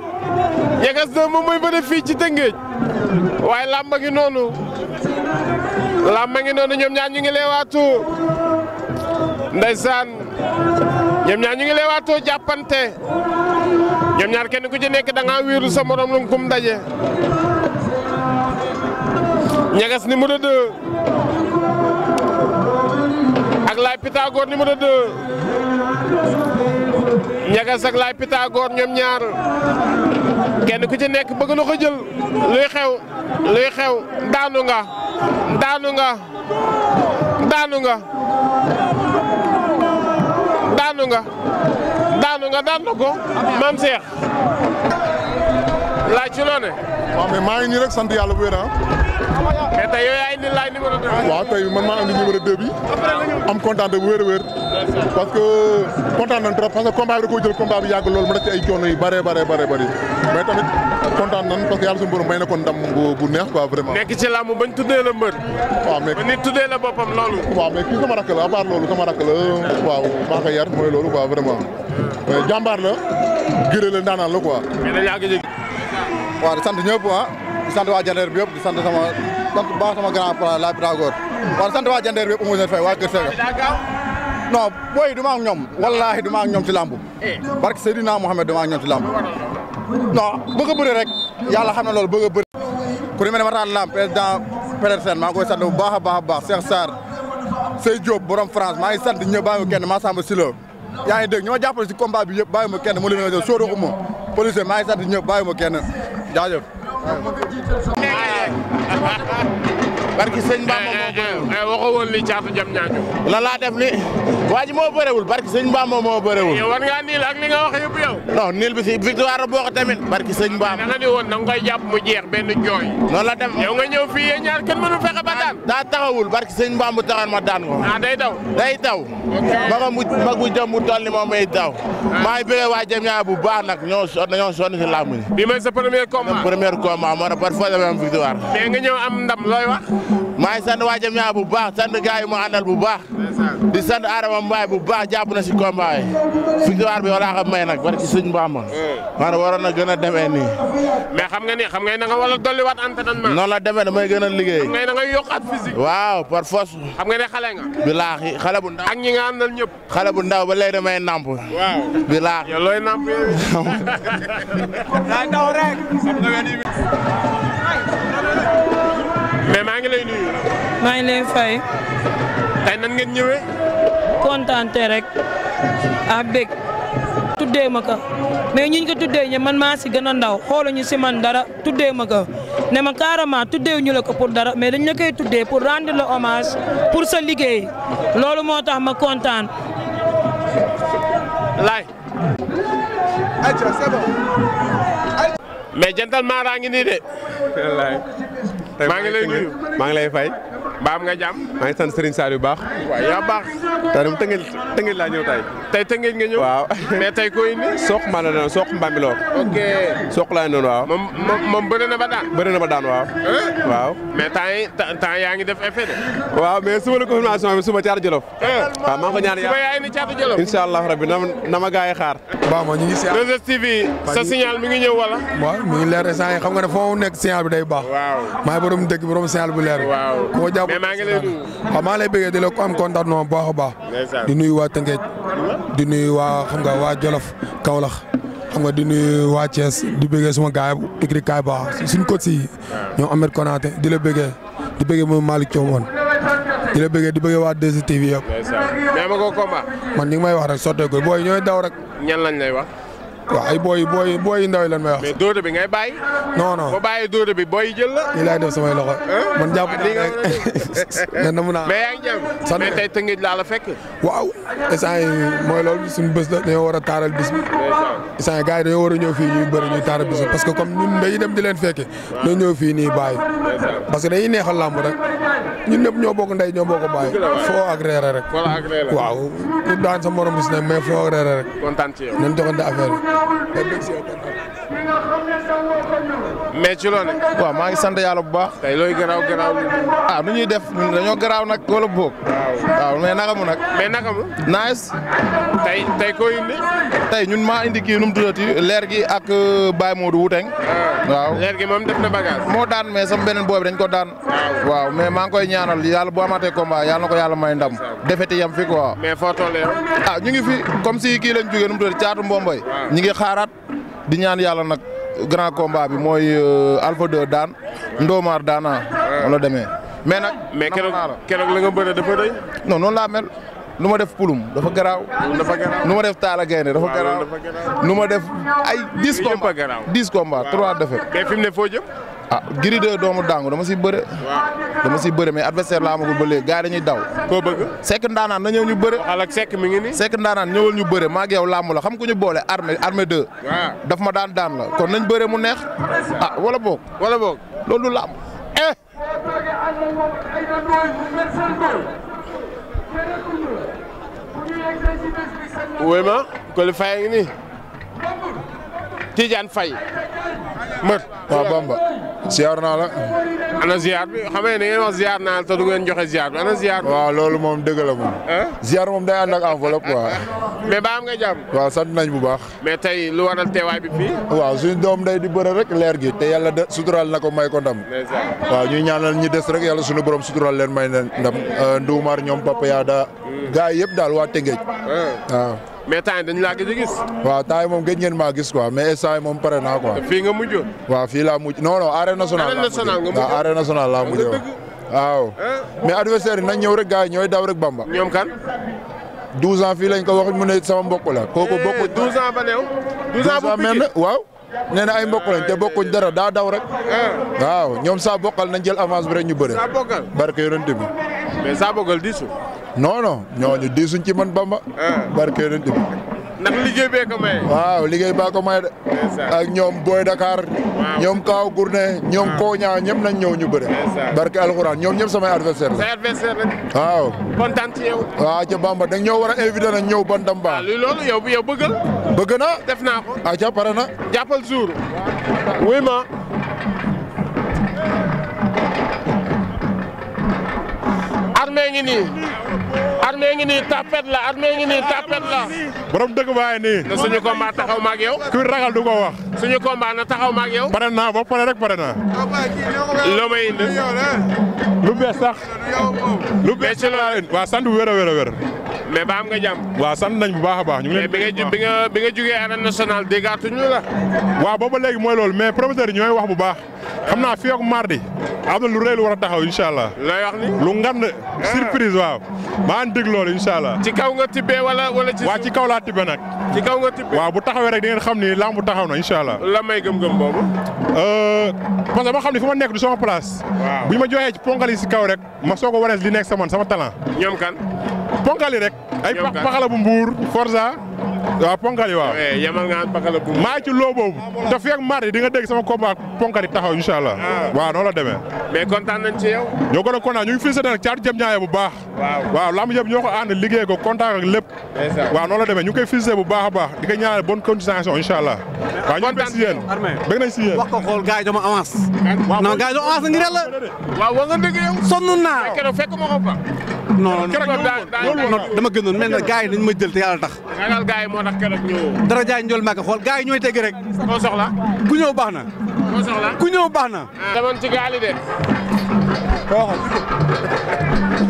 ñagas 2 moom mooy bëri ci Tëngéej waaye làmba ngi noonu làmba ngi noonu ñoom ñaar ñu ngi leewaatoo ndeysaan ñoom ñaar ñu ngi waatoo jàppante ñoom ñaar kenn ku ci nekk danga ngaa wéeru sa morom lu kum daje. ñagas numéro 2 ak laay Pythagore numéro 2 ñagas ak laay Pythagore ñoom ñaar kenn ku ci nekk bëgg na ko jël luy xew luy xew daanu nga daanu nga daanu nga. daanu nga daanu nga daan na ko maam Cheikh laaj ci loo ne. waaw mais maa ngi nii rek sant yàlla bu wér ah. mais tey yow yaa indi laaj numéro 2. waaw tey man maa indi numéro 2 bi am kontaan bu wér a wér parce que kontaan nañ trop parce que combat bi da koo jël combat bi yàgg lool mu def ci ay yu bëree bëree bëri. mais tamit kontaan nan parce que yàlla suñu borom may na ko bu neex quoi vraiment. bañ tuddee la mbër. waaw mais ba nit tuddee la boppam loolu. waaw mais kii sama rakk la à part loolu sama rakk maa ko mooy loolu quoi vraiment jàmbaar la gërë la ndaanaan la quoi. mais dañu yàgg jéggi. di sant ñëpp ah di sant waa Jandeer bi yëpp di sant sama sant bu baax sama grand père la Pythagore waaw di sant waa Jandeer bi yëpp amoo seen fay waa Kër Sega. non booy du ma ñoom wallaahi du ma ñoom ci làmb eh. barke Seydina Mohamed no bëgg a rek yàlla xam na loolu bëgg a bëri ku ne ma ne ma taal laam président Petersen maa ngi koy sant bu baax a baax a baax Cheikh Sarr Sey Diop borom France maa ngi sant ñëpp bàyyi ma kenn Massamba Sylo yaa ngi dégg ñoo jàppale si combat bi yëpp bàyyi ma kenn mu lim la sóoru xuma policier maa ngi sant ñëpp bàyyi ma kenn jaajëf barki eh, eh, eh, sëñ Bamba moo bëreewul waxoo woon li caatu jam ñaañu la laa def li waa ji moo bëreewul barki sëñ Bamba moo bëreewul war ngaa niil ak li nga wax yëpp yow non niil bi si victoire la boo ko tamit barki sëñ Bamba da nga ni woon da nga koy jàpp mu jeex benn jooy noonu la def yow nga ñëw fii yéen ñaar kenn mënu fexe ba daan daa taxawul barki sëñ Bamba taxan ma daan ko ah day daw day ba nga mu mag bu jëm mu toll ni moom may daw maa ngi bëggee jam ñaa bu baax nag ñoo sonn si làmb maa ngi sant waa Jamiña bu baax sant gars yi bu baax. di sant Adama Mbaye bu baax jàpp na si combat yi. victoire bi wala xam may nag bari ci sëñ Bamba. Eh. maanaam waroon na gën a demee nii. mais xam nga ni xam nga na nga wala dolliwaat entraînement. gën a liggéey. xam nga na nga yokkaat physique. waaw par force. xam nga ne xale bu ndaw. ak xale bu ndaw ba léegi damay mais maa ngi lay nuyu. maa ngi lay fay. tey nan ngeen ñëwee. kontaante rek a bég. tuddee ma ko mais ñuñ ko tuddee ñe man maa si gën a ndaw xooluñu si man dara tuddee ma ka ne ma carrément tuddee ñu la ko pour dara mais dañ la koy tuddee pour rendre le hommage pour sa liggéey loolu moo tax ma kontaan. laay. mais jantal maaraa ngi nii de. maa ngi lay nuyu maa ngi lay fay. baam nga jàmm. maa ngi sant Serigne Sall yu baax. waaw yaa baax. tey moom tëngëj tëngëj laa ñëw tey. tey tëngëj nga ñëw. waaw mais tey ko indi. soq maa la doon soq Mbambilor. ok soq laa doon waaw. moom moom ba daan. bëri na ba daan waaw. waaw. mais temps yi temps yaa ngi def effet de. waaw mais suba la confirmation bi suba Caatu Jolof. waaw maa ngi ko ñaan yàlla suba yaa indi Caatu Jolof. incha allah rabbi na ma na ma gars yi xaar. waaw ma ñu ngi si àll. 2STV sa signal mi ngi ñëw wala. waaw mi ngi leer instant yi xam nga ne foo nekk signal bi mais maa ngi lay nuyu. bëggee di la ko am kontaan bu baax a di nuyu waa Tëngéej. di nuyu waa xam nga waa Jolof Kaolack xam nga di nuy waa Thiès di bëggee suma gaay yi écrit kaay baax suñu coach yi ñoom Ahmed di la bëggee di bëggee moom Malick Thiaw woon di la bëggee di bëggee waa 2STV yëpp. mais may wax rek sotteekul booy ñooy daw rek. ñan lañ lay wax. waaw ay booy booy booy yu ndaw yi lan may wax. bi ngay bàyyi. non non boo bi booy yi jël la. lii laay def samay loxo. man jàpp ah, naa ne na mu a. mais yaa ngi jàpp sant mais tey laa la fekk. waaw instant yii mooy loolu suñu bés la dañoo war a taaral bis i instant yii gars yi dañoo war a ñëw fii ñuy bëri ñuy taaral bis parce que comme ñun dañuy dem di leen fekke ñoo ñëw fii nii bàyyi. parce que dañuy neexal làmb rek. ñun ñëpp ñoo bokk ndey ñoo bokk bàyyi. foo ak reere rek. waaw ku daan sa morom bis ne mais foo ak rek. kontaan ci yow nañ honorable mais ci loolu. waaw maa ngi sant yàlla bu baax. tey looy garaaw garaaw. a ah, nu ñuy def ñun dañoo garaaw nag wala boog. waaw mais naka mu nag. mais naka mu. nice. tey tey koo indi. tey ñun maa indi kii nu mu tuddati leer gi ak euh, Baye Modou Wuteng. Ah. waaw leer gi moom def na bagage. moo daan mais sama beneen boobu dañ ko daan. waaw mais maa ngi koy ñaanal yàlla bu amaatee combat yàlla na ko yàlla may ndam. defeti yam fi quoi. mais foo tollee ah ñu ngi fi comme si kii lañ jógee nu mu caatu mbomboy. di ñaan yàlla nag grand combat bi mooy euh, Alpha 2 daan Ndomar daana wala demee mais nag. mais keroog keroog la nga bëre dafa rëy. non noonu laa mel. nu ma def pulum dafa garaaw. dafa nu ma def taala gaynde dafa garaaw. nu ma def ay dix combats dix combats trois défaites. foo jëm. ah Gris 2 doomu dàngu dama si bëre. dama si bëre mais adversaire laa amagul ba léegi gars daw. koo bëgg Seck ndaanaan na ñëw ñu bëre. waxal sekk mi ngi nii. Seck ndaanaan ñëwal ñu bëre maa ngi yow làmb la xam ku ñu boole armée armée daf ma daan daan la kon nañ bëre mu neex. ah wala boog. wala boog loolu du làmb. eh. wéy tiijaan fay mbër waaw Bamba ziar naa la ana ziar bi xam ne ngeen wax ziar naa la te du ngeen joxe ziar bi ana loolu moom dëgg la moom ziar moom day ànd ak enveloppe quoi mais ba am nga jàmm waaw sant nañ bu baax mais tey lu waral teewaay bi fii waaw suñu doom day di bëre rek leer gi te yàlla sutural na ko may ko ndam waaw ñuy ñaanal ñi des rek yàlla suñu borom sutural leen may na ndam euh, Ndoumar ñoom Papa Yada hmm. gars yi yëpp daal waa Tëngéej waaw mais temps yi laa gëj a gis. waaw temps yi moom gëj ngeen maa gis quoi mais instant yi moom pare naa quoi. fii nga mujj. waaw fii laa mujj non non arène nationale. laa mujj waaw mais adversaire yi nañ ñëw rek gars yi ñooy daw rek bamba. ñoom kan. 12 fii lañ ko wax mu ne sama mbokk la. kooku eh, bokk 12 ans ba néew. 12 ans bu piqué waaw. nee na ay mbokk lañ te bokkuñ dara daa daw rek. waaw ñoom saa bokkal nañ jël avance bi rek ñu bëre. saa bokkal barke yonent bi. mais saa bokkal diisu. non non ñooñu diisuñ ci man Bamba. Ah. barke yonent bi. ndax liggéey bee ko maye. waaw liggéey baa ko maye de. ak ñoom Boy Dakar. ñoom Kaaw Gourné. ñoom ah. Koña ñëpp nañ ñëw ñu bëre. barke alxuraan ñoom ñëpp samay adversaire la. waaw. kontaan ci Bamba da ñoo war a invité nag ñëw ba Ndamba. waaw ah, loolu yow na def naa ko. quel jour oui ma armée ngi nii armée ngi nii tapet la armée ngi nii tapet na suñu combat taxaw maa ak yow ku ragal du ko wax suñu combat na taxaw ma ak yow pare naa ba pare rek pare naa loo may indi lu sax lu bees ci waa sant bu wér a mais ba am nga jàmm. waaw sant nañ bu baax baax. ñu ngi leen bi nga bi nga bi nga jugee arène nationale déggaatuñu la. waaw booba léegi mooy loolu mais promoteurs ñooy wax bu baax. xam naa fii ak mardi am na lu rëy lu war a taxaw incha allah. looy wax ni lu ngand ah. surprise waaw. maa ngi dégg loolu incha allah. ci kaw nga tibbee wala wala ci. waaw ci kaw laa tibbee nag. ci kaw nga tibbee waaw bu taxawee rek di ngeen xam ni lam bu taxaw na incha allah. la may gëm-gëm boobu. Euh, parce ma xam ni fi ma nekk du sama place. waaw bu ñu ma joxee ci ponkal yi si kaw rek ma soog a warees li nekk sama sama talent. ñoom kan. ponkali rek. ay pakala bu mbuur Forza. waaw ponkali waaw. Eh, yemal bu maa ci loo boobu. Ah, te fi di nga dégg sama combat ponkali taxaw incha allah. Ah. waaw noonu la demee. mais kontaan nañ ci yow. ñoo gën a kontaan ñu ngi fii caatu jëm ñaaye bu baax. waaw waaw lamb yëpp ñoo ko ànd liggéey ko kontaan ak lépp. ñu ngi koy fii bu baax a baax di ko ñaanal bonne continuation incha allah. waaw ñu ngi bëgg si yéen bëgg nañ si yéen. wax ko xool non non dama gënoon mel na gars yi dañ ma jël te yàlla tax. xanaa gars yi moo tax keroog ñëwoo. dara jaay njool màgg xool gars yi ñooy tegg rek. ku ñëw baax na. koo soxla ku ñëw baax na. demoon ci gaal yi de.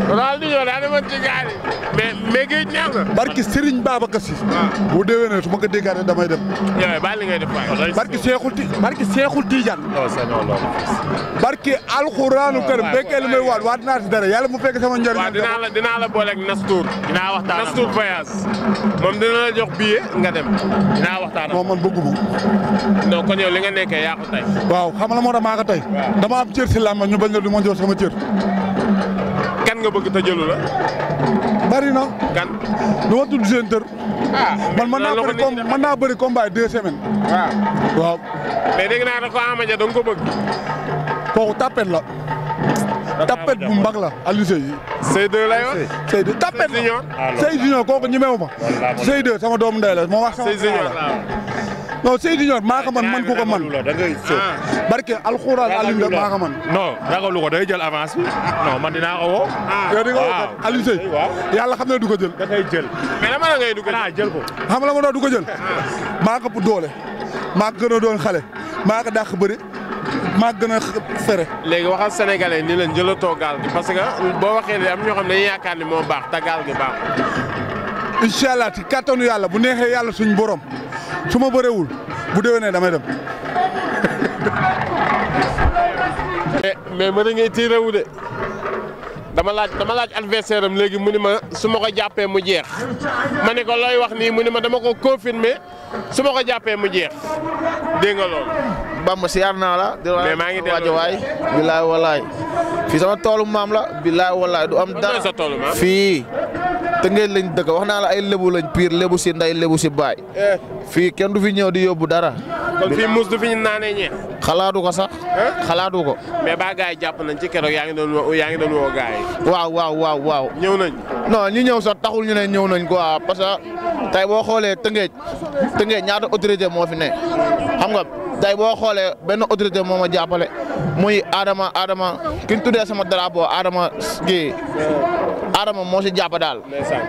Ronaldinho daa demoon ci gaal yi mais mais géej neex na. barki Serigne Babacar Sy. waaw ah. bu déwénee su ma ko déggaatee damay dem. li ngay def waay. barki Seexul Ti barki Seexul Tijaan. non c'est non loolu. barki alxuraanu karim bekkee li may waat waat naa si dara yàlla mu fekk sama njëriñ. dinaa la booleek la booleeg Nastour. dinaa waxtaan ak Nastour voyage. moom dina la jox billet nga dem. dinaa waxtaan ak moom man bëgguma. non kon li nga nekkee yaa ko waaw xam nga la moo tax maa ko tey. dama am si làmb ñu bañ la du ma jox sama cër. nga la. bari na. kan lu ma ah, man mën naa bëri comme mën naa bëri combat deux semaines. waaw ah. waaw. mais dégg naa ne ko Amadia da nga kooku tapet la. tapet bu mbag la Aliou Seye. Seydou lay wax Seydou tapet la ah, Seydou Junior kooku ñemewu ma. Seydou sama doomu ndey la moo wax sama. non Seydi Dior maa ko man man ku ko man ah. barke alxuraan Alioune Dior maa ko man non ragalu ko day jël avance bi non man dinaa ko ah. di nga woo yàlla xam ne du ko jël da ngay jël mais dama la la ma du ko jël ah. maa ko doole maa ko gën a doon xale maa ko dàq bëri maa gën a fere. léegi waxal sénégalais ni leen jëlatoo gaal gi parce que boo waxee ne ñoo xam ne dañuy yaakaar ni baax te gaal gi baax. incha allah ci kattanu yàlla bu neexee yàlla suñ borom su ma bëreewul bu déwénee damay dem. Eh, mais mën na ngay tiire wu de dama laaj dama laaj adversaire am léegi mu ni ma su ma ko jàppee mu jeex ma ne ko looy wax nii mu ni ma dama ko confirmer su ma ko jàppee mu jeex dégg nga loolu. Bamba siyaar naa la. mais maa ngi delloo la waay bilaay walaay fii sama toolu maam la bilaay walaay du am. dara sa toolu maam fii. te ngeen lañ dëkk wax naa la ay lébu lañ piir lébu si ndey lébu si baay. Eh. fii kenn du fi ñëw di yóbbu dara. kon fii mus du fi ñu naanee ñeex. xalaatu ko sax. xalaatu ko. mais ba gars yi jàpp nañ ci keroog yaa ngi doon woo yaa ngi doon woo gars yi. waaw waaw waaw ñëw nañ. non ñu ñëw sax taxul ñu ne ñëw nañ quoi parce que tey boo xoolee Tëngéej Tëngéej ñaata autorite moo fi ne xam nga tey boo xoolee benn autorité moo ma jàppale muy Adama Adama ki tuddee sama drapeau Adama gi Adama moo si jàpp daal.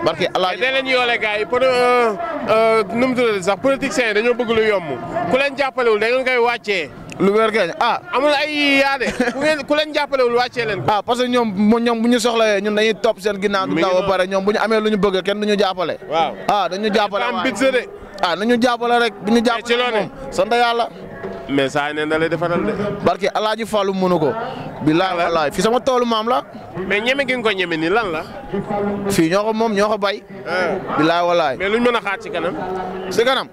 barke Allah. mais danañ yoolee gars yi pour euh, euh, nu mu tuddati sax politiciens yi dañoo bëgg lu yomb ku leen jàppalewul da ngeen koy wàccee. lu wér gañ ah. amul ay yaade ku ngeen ku leen jàppalewul wàccee leen ko. ah parce que ñu soxlawee ñun dañuy topp seen ginnaaw. du taw ba pare ñu amee lu ñu bëgg kenn du ñu jàppale. waaw ah dañu jàppale waaw ah dañu rek. bu ñu jàppale moom mais saa neen da lay defaral de. barke El Hadj Fallou mënu ko. bilaay walaay fi sama toolu maam la. mais ñeme gi nga ko ñeme nii lan la. fii ñoo ko moom ñoo bay. Eh. bilaay walaay. mais luñ mën a xaar ci kanam. ci kanam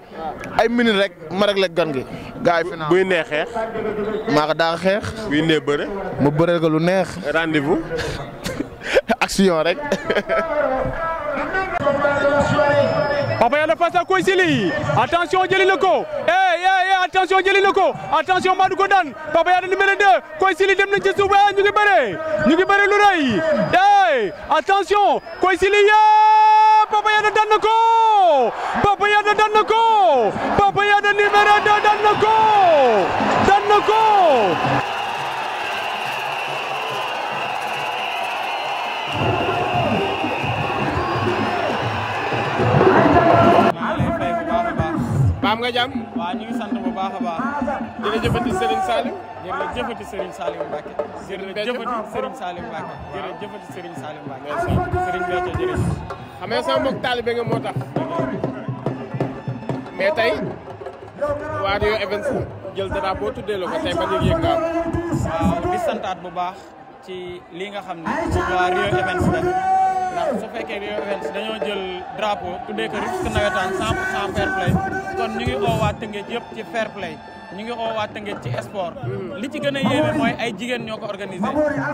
ay minutes rek ma rek la gan gi. gars yi final buy xeex. maa ko daa xeex. buy nee bëre. mu bëreel ko lu neex. rendez action rek. Papa Yade face à Koy Sili ko eh, eh eh attention jëli na ko attention Madou ko daan Papa Yade numéro 2 Koy Sili dem nañ ci suuf eh, ñu ngi bëre ñu yee eh, Papa Yade daan ko Papa Yade daan ko Papa Yade numéro 2 daan ko daan ko. nga jàmm. sant bu baax a baax. jërëjëfati Serigne Saliou. jërëjëfati Serigne Saliou Mbacke. jërëjëfati Serigne Saliou Mbacke. jërëjëfati Serigne Saliou Mbacke. Serigne Mbacke jërëjëf. xam nga sama mbokk taalibe nga moo jël dara boo tuddee ba léegi yëg nga waaw santaat bu baax. ci li nga xam ne waa Rio Events la ndax su fekkee Rio Events dañoo jël drapeau tuddee ko risque nawetaan 100 pour cent fair play kon ñu ngi oo waa yëpp ci fair play ñu ngi oo waa Tëngéej ci sport li ci gën a yéeme mooy ay jigéen ñoo ko organisé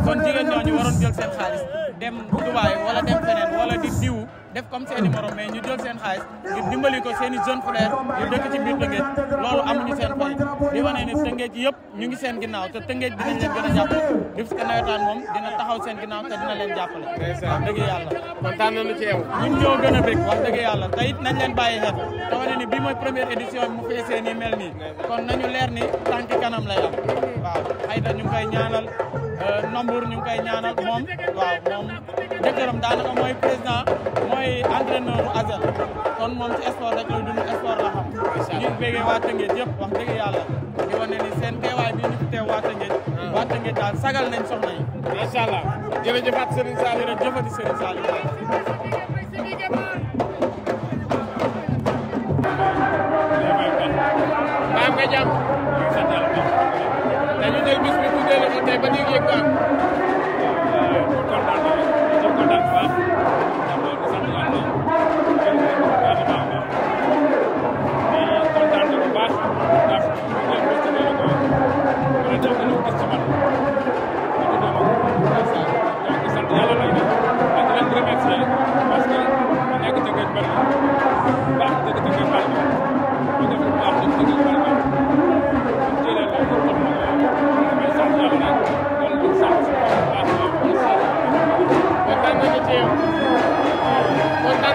kon jigéen ñoo ñu waroon jël seen xaalis dem Dubaay wala dem feneen wala di diwu def comme seen morom mais ñu jël seen xaalis ngir dimbali ko seen i jeune frère yu dëkk ci biir Tëngéej loolu amuñu seen fay di wane ne Tëngéej yëpp ñu ngi seen ginnaaw te Tëngéej dinañ leen gën a jàppale dina taxaw seen ginnaaw te dina leen jàppale wax dëgg yàlla kontaan nañu ci yow ñun ñoo gën a bég wax dëgg yàlla te it nañ leen bàyyi xel te wane ni bii mooy première édition mu feesee nii mel nii kon nañu leer ni tànk kanam lay am waaw ay dañu koy ñaanal Euh, Nambour ñu ngi koy ñaanal moom waaw moom jëkkëram daanaka mooy président mooy entraîneur u Azal kon moom ci sport rek lay dund sport la xam ñu ngi béggee waa Tëngéej yëpp wax dëgg yàlla di wane ni seen teewaay bi ñu fi teew waa Tëngéej ah. waa Tëngéej daal sagal nañ soxna yi macha allah ñu jël bis bi tuddee la ko tey ba léegi yëg nga am. waaw waaw kontaan nañu kontaan bu baax.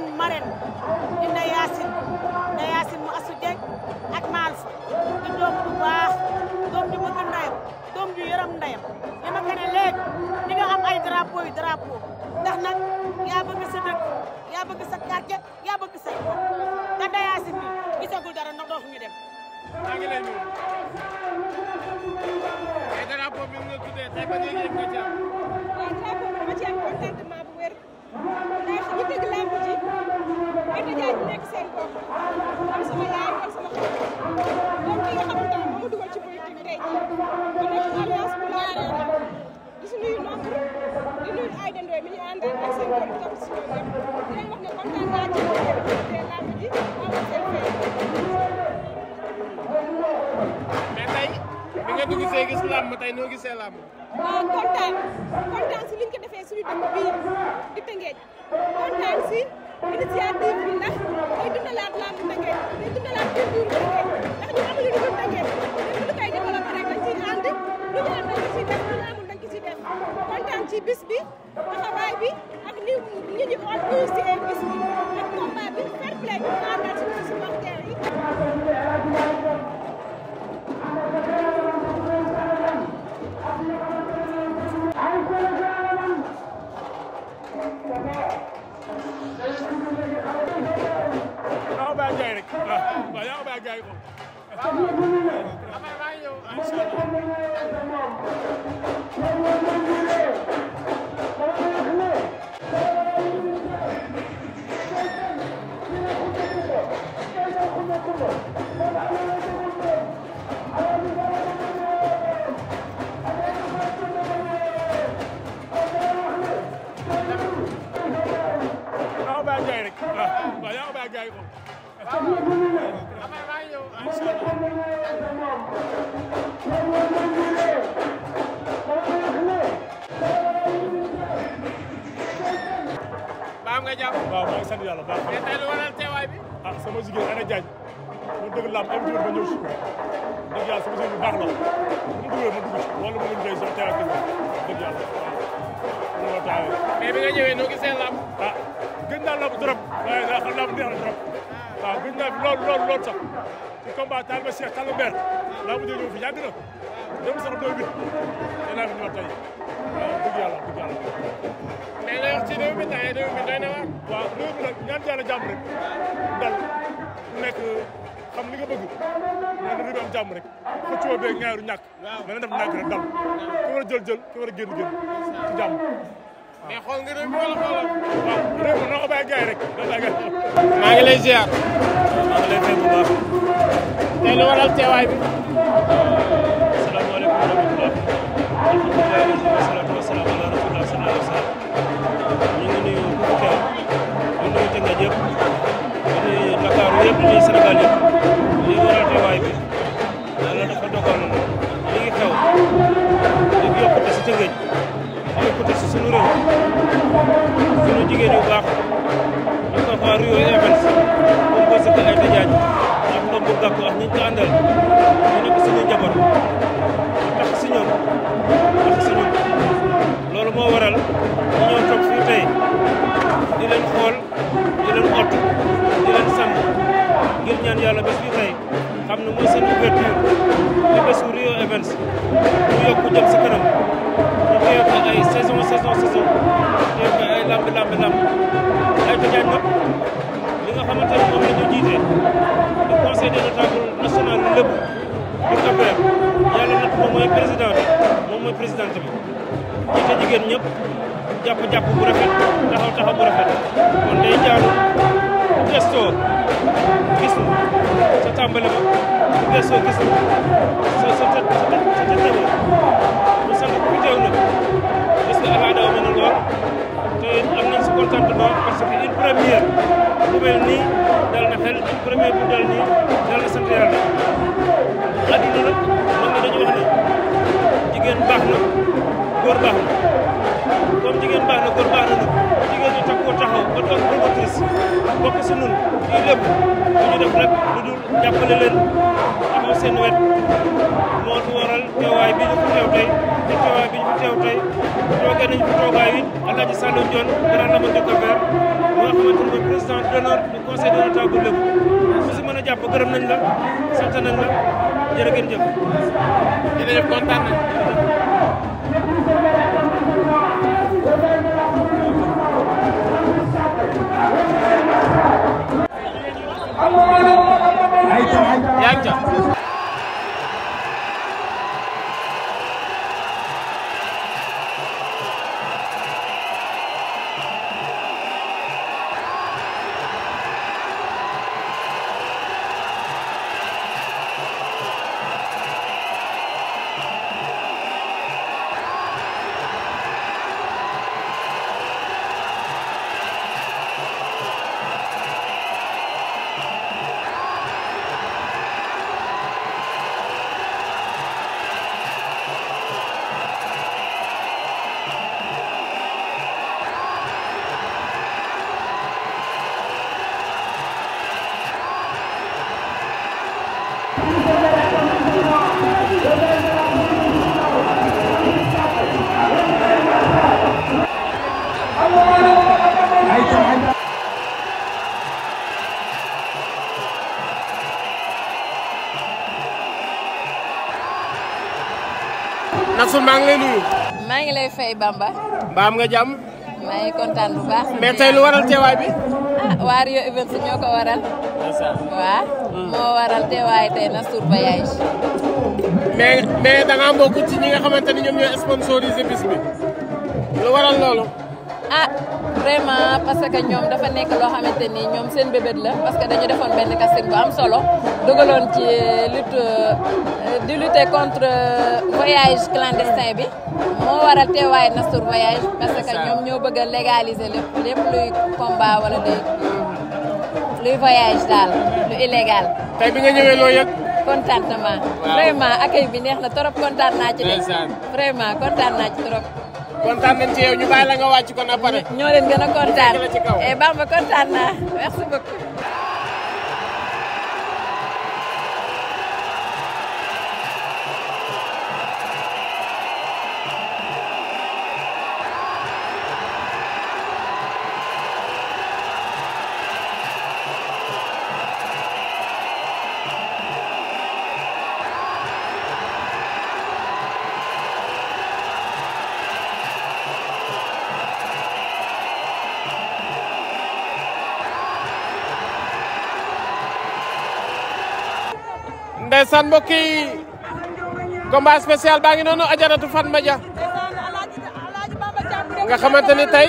doon marraine di Ndeye Yacine Ndeye mu asu ak maal si di doom bu baax doom ju bëgg ndayam doom ju yërëm ndayam dama ko ne léegi di nga am ay drapeau yu drapeau ndax nag yaa bëgg sa dëkk yaa bëgg sa quartier yaa bëgg say bopp te Ndeye Yacine bi gisagul dara ndax doo fu ñu dem maa ngi lay nuyu ay drapeau bi nga tuddee tey ba léegi yëg nga ci am waaw drapeau bi dama ci am contentement bu wér ndax ñu dëgg seen bopp am sama yaay am sama xarit moom mi nga xamante ne moom dugal ci politique tey jii mu nekk alliance bu laaree la di si nuyu nombre di nuyu ay dendooy mi ñu àndal ak seen góor bi tamit si ñoom ñëpp di leen wax ne kontaan naa ci liggéey bi tuddee làmb ji amul seen fay. mais tey bi nga dugg see gis làmb tey noo gisee làmb. waaw ah, kontaan kontaan si liñ ko defee suñu dëkk bii di Tëngéej kontaan si. initiative bi ndax day dundalaat lamb Ndakaaru day dundalaat culture Ndakaaru ndax ñu amul lu dul Ndakaaru lépp lu koy développé rek dañ ciy ànd lu ñu am dañ ko ciy def lu ñu amul dañ ko ciy def kontaan ci bis bi taxawaay bi ak ni ñu ñu organisé bis bi ak combat bi fair play ñu àndal suñu supporters yi yaa ngi gaay rek waaw yaa ngi gaay ko Thank you. baam nga jàpp. waaw maa ngi sant yàlla baax na. tey lu waral teewaay bi. ah sama jigéen Ana Diagne mu dëgg lam am ba ñëw si dëgg yàlla sama jigéen bu baax la mu dugalee ma dugg ci wala ma leen doy sama teewaay bi dëgg yàlla waaw mais bi nga ñëwee noo gisee lam ah gën naa lam trop waaye daa xam lam neex na trop waaw gis naa fi loolu loolu loolu sax ci combat taal ba Cheikh Talla Mbeer laa mujjee ñëw fi fi ñëwaat tey waaw dëgg yàlla dëgg yàlla. mais lay wax ci réew mi temps yii réew mi doy na waar. waaw réew mi nag ñaan yàlla jàmm rek dal nekk xam li nga bëgg mais dañu doon jàmm rek ku ci woo bee ñaaru ñàkk. waaw dana def ñàkk dal ku war a jël jël ku war a génn génn ci mais xool nga réew mi wala xoolal waaw réew mi noo ko bàyyi gars yi rek maa ngi lay ziar. maa ngi lay fay bu baax. tey lu waral teewaay bi. asalaamaaleykum wa rahmatulah. alhamdulilah wasalaatu wasalaam ala rasulillah sallallahu alayhi wa sallam. ñu ngi nuyu ku teew. ñu nuyu Tëngéej yëpp. ñu nuyu Dakar yëpp ñu nuyu Sénégal yëpp. li waral teewaay bi. yàlla dafa dogal li ngi xew. li ngi yokkute si Tëngéej. sunu réew sunu jigéen yu baax présidente bi jiite jigéen ñëpp jàpp-jàpp bu rafet taxaw taxaw bu rafet kon day jaadu bu gëstoo gis sa tàmbali ba bu gëstoo gis sa sa sa sa tëtëma mu sant ku teew nag gis nga alaada mën a lool te am nañ si contentement parce que une première bu mel nii dal na xel une première bu dal nii dal na sant yàlla adduna nag jigéen baax na góor baax na comme jigéen baax na góor baax na nag jigéen ñi takkoo taxaw ba doon promotrice bokk si nun ñuy lépp lu ñu def rek lu dul jàppale leen amoo seen wet moo fi waral teewaay bi ñu fi teew tey te teewaay bi ñu fi teew tey toogee nañu fi toogaay yi Alaaji Sallou Dione grand lama de cover moo xamante ne président d'honneur du conseil de l'État bu lépp su si mën a jàpp gërëm nañ la sant nañ la jërë ngeen jëf. jërëjëf kontaan nañu. yaa ngi ca. Youssou maa ngi lay nuyu. maa ngi lay Bamba. mbaa nga jàmm. maa ngi kontaan baax. mais tey lu waral teewaay bi. ah waa Rio Events ñoo ko waral. waaw. moo waral teewaay tey Nassour Voyage. mais mais da ngaa bokk ñi nga xamante ni ñoom ñoo sponsorisé bis bi. lu waral loolu. Ah, seen bébét la parce que dañu defoon benn casting bu am solo dugaloon ci lutte. di lutter contre euh, voyage clandestin bi moo waral teewaay Nastur voyage parce que ñoom ñoo bëgg a légaliser lépp lépp luy combat wala luy voyage daal lu illégal. tey bi nga ñëwee loo yëg. contentement. vraiment accueil bi neex na trop kontaan naa ci de. vraiment kontaan naa ci trop. kontaan nañ ci yow la nga wàcc kon après. ñoo leen gën a kontaan. et eh, Bamba kontaan naa merci beaucoup. ndeysaan mbokk yi combat spécial baa ngi noonu ajaratu Fatma Dia nga xamante ni tey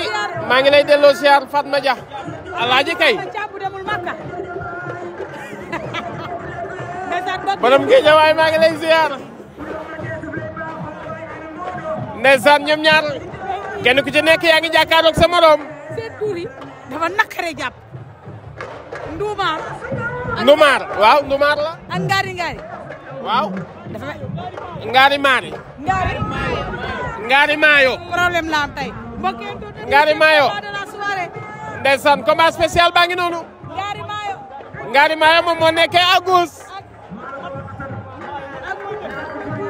maa ngi lay delloo siyaar Fatma Dia alaaji kay borom géej waaye maa ngi lay siyaar ndeysaan ñoom ñaar kenn ku ci nekk yaa ngi jàkkaaroog sa morom seen Ndumaar waaw Ndumaar la. ak Ngari Ngari. waaw. dafa Ngari Maari. Ngari Maayo. Ngari Maayo. problème la am tey. mbokk yi tuuti Ngari Maayo. ndeysaan combat spécial baa ngi noonu. Ngari Maayo. Ngari Maayo moom moo nekkee à gauche.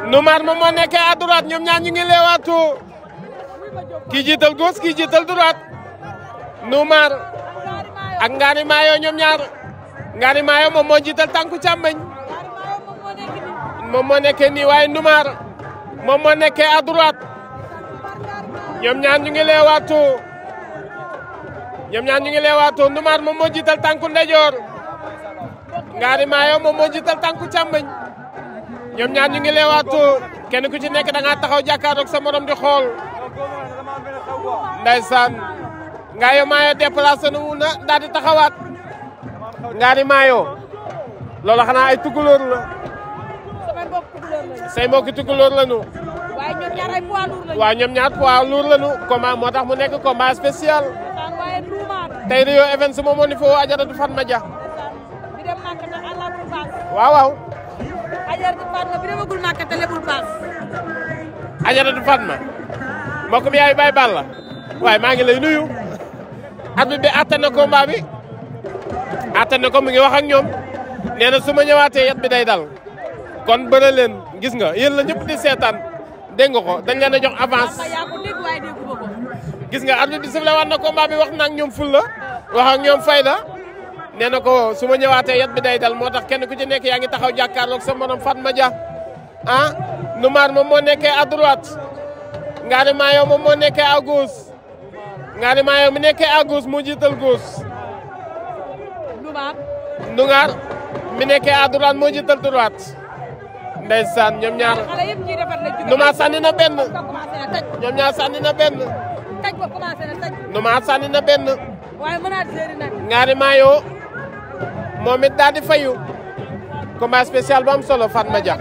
Ndumaar moom moo nekkee à droite ñoom ñaar ñu ngi leewaatu. kii jiital gauche kii jiital droite. Ndumaar ak Ngari Maayo ñoom ñaar. Ngari Maayo moom moo jiital tànku càmmeñ moom moo nekkee nii waaye Ndumar moom moo nekkee à droite ñoom ñaar ñu ngi leewaatu ñoom ñaar ñu ngi leewaatu Ndumar moom moo jiital tànku ndejoor Ngari Maayo moom moo jiital tànku càmmeñ ñoom ñaar ñu ngi leewaatu kenn ku ci nekk da taxaw jàkkaarloog sa morom di xool ndeysaan Ngaayo Maayo déplacé na wu na daal di taxawaat. ngaari maayo loolu xanaa ay tukulóor la. sama mbokk tukulóor la say la ñu. waaye ñoom ñaar ay poids lourd la ñu. waaw moo tax mu nekk combat spécial. tey Rio Events moom moo ni foo ajaratu Fatma Dia. bi dem màkk nag Fatma bi mi yaay bay bal la. maa ngi lay nuyu. at bi ba àtte na bi. atte na ko mu ngi wax ak ñoom nee na su ma ñëwaatee yat bi day dal kon bëre leen gis nga yéen la ñëpp di seetaan dégg nga ko dañ leen a jox avance. gis nga arbitre bi sifle waat na ko bi wax na ak ñoom ful la wax ak fayda nee na ko su ma ñëwaatee yat bi day dal moo tax kenn ku ci nekk yaa ngi taxaw jàkkaarloog sa morom Fatma Dia ah Numar moom moo nekkee à droite Ngari Mayo moom moo nekkee à gauche Ngari Mayo mu nekkee à gauche mu jiital gauche. Ndungaar. Ndungaar mi nekkee à droite moo jiital droite. ndeysaan ñoom ñaar. xale yëpp ñuy defar na benn. ñoom ñaar sànni na benn. taj ba commencé na na benn. waaye mën naa moom it daal di fayu. combat spécial bu am solo Fatma Dia.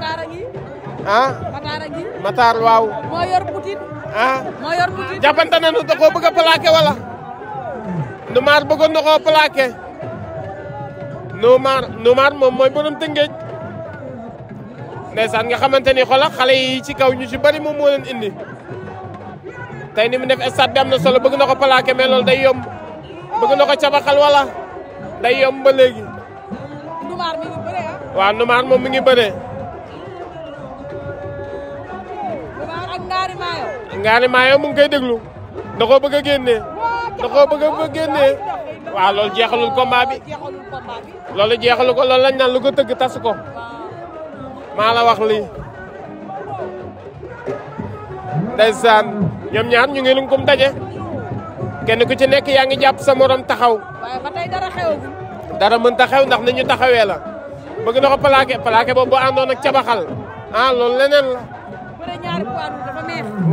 ah. Matar ak Matar waaw. moo yor Poutine. ah. moo yor Poutine. Noumar Noumar moom mooy borom Tëngéej ndeysaan nga xamante ni xoolal xale yi ci kaw ñu ci bari moom moo leen indi tey ni mu def stade bi am na solo bëgg na ko plaqué mais day yomb bëgg na ko cabaxal wala day yomb ba léegi. Noumar mi ngi ah. moom mi ngi bëree. Noumar ak Ngari mu ngi koy déglu da koo bëgg a génnee da koo waaw loolu jeexalul combat bi loolu jeexalu ko loolu lañ naan lu ko tëgg tas ko maa la wax lii ndeysaan ñoom ñaar ñu ngi lu kum daje kenn ku ci nekk yaa ngi jàpp sa morom taxaw waaye ba dara mën taxaw ndax ni ñu taxawee la bëgg na ko plaqué plaqué boobu boo àndoon ak cabaxal ah loolu leneen la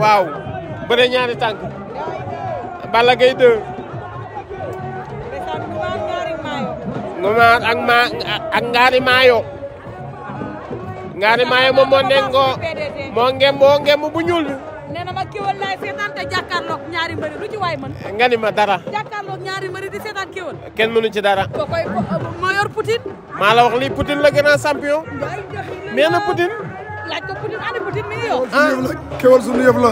waaw bëre ñaari tànk Balla Gaye 2 Ngomar ak ma ak Ngari Mayo Ngari Mayo moom moo nengo moo ngem moo ngem bu ñuul nee na ma kéwal laay seetaan te waay mën nga ni ma di seetaan kéwal kenn mënu ci dara ko koy moo yor Poutine maa la wax ah,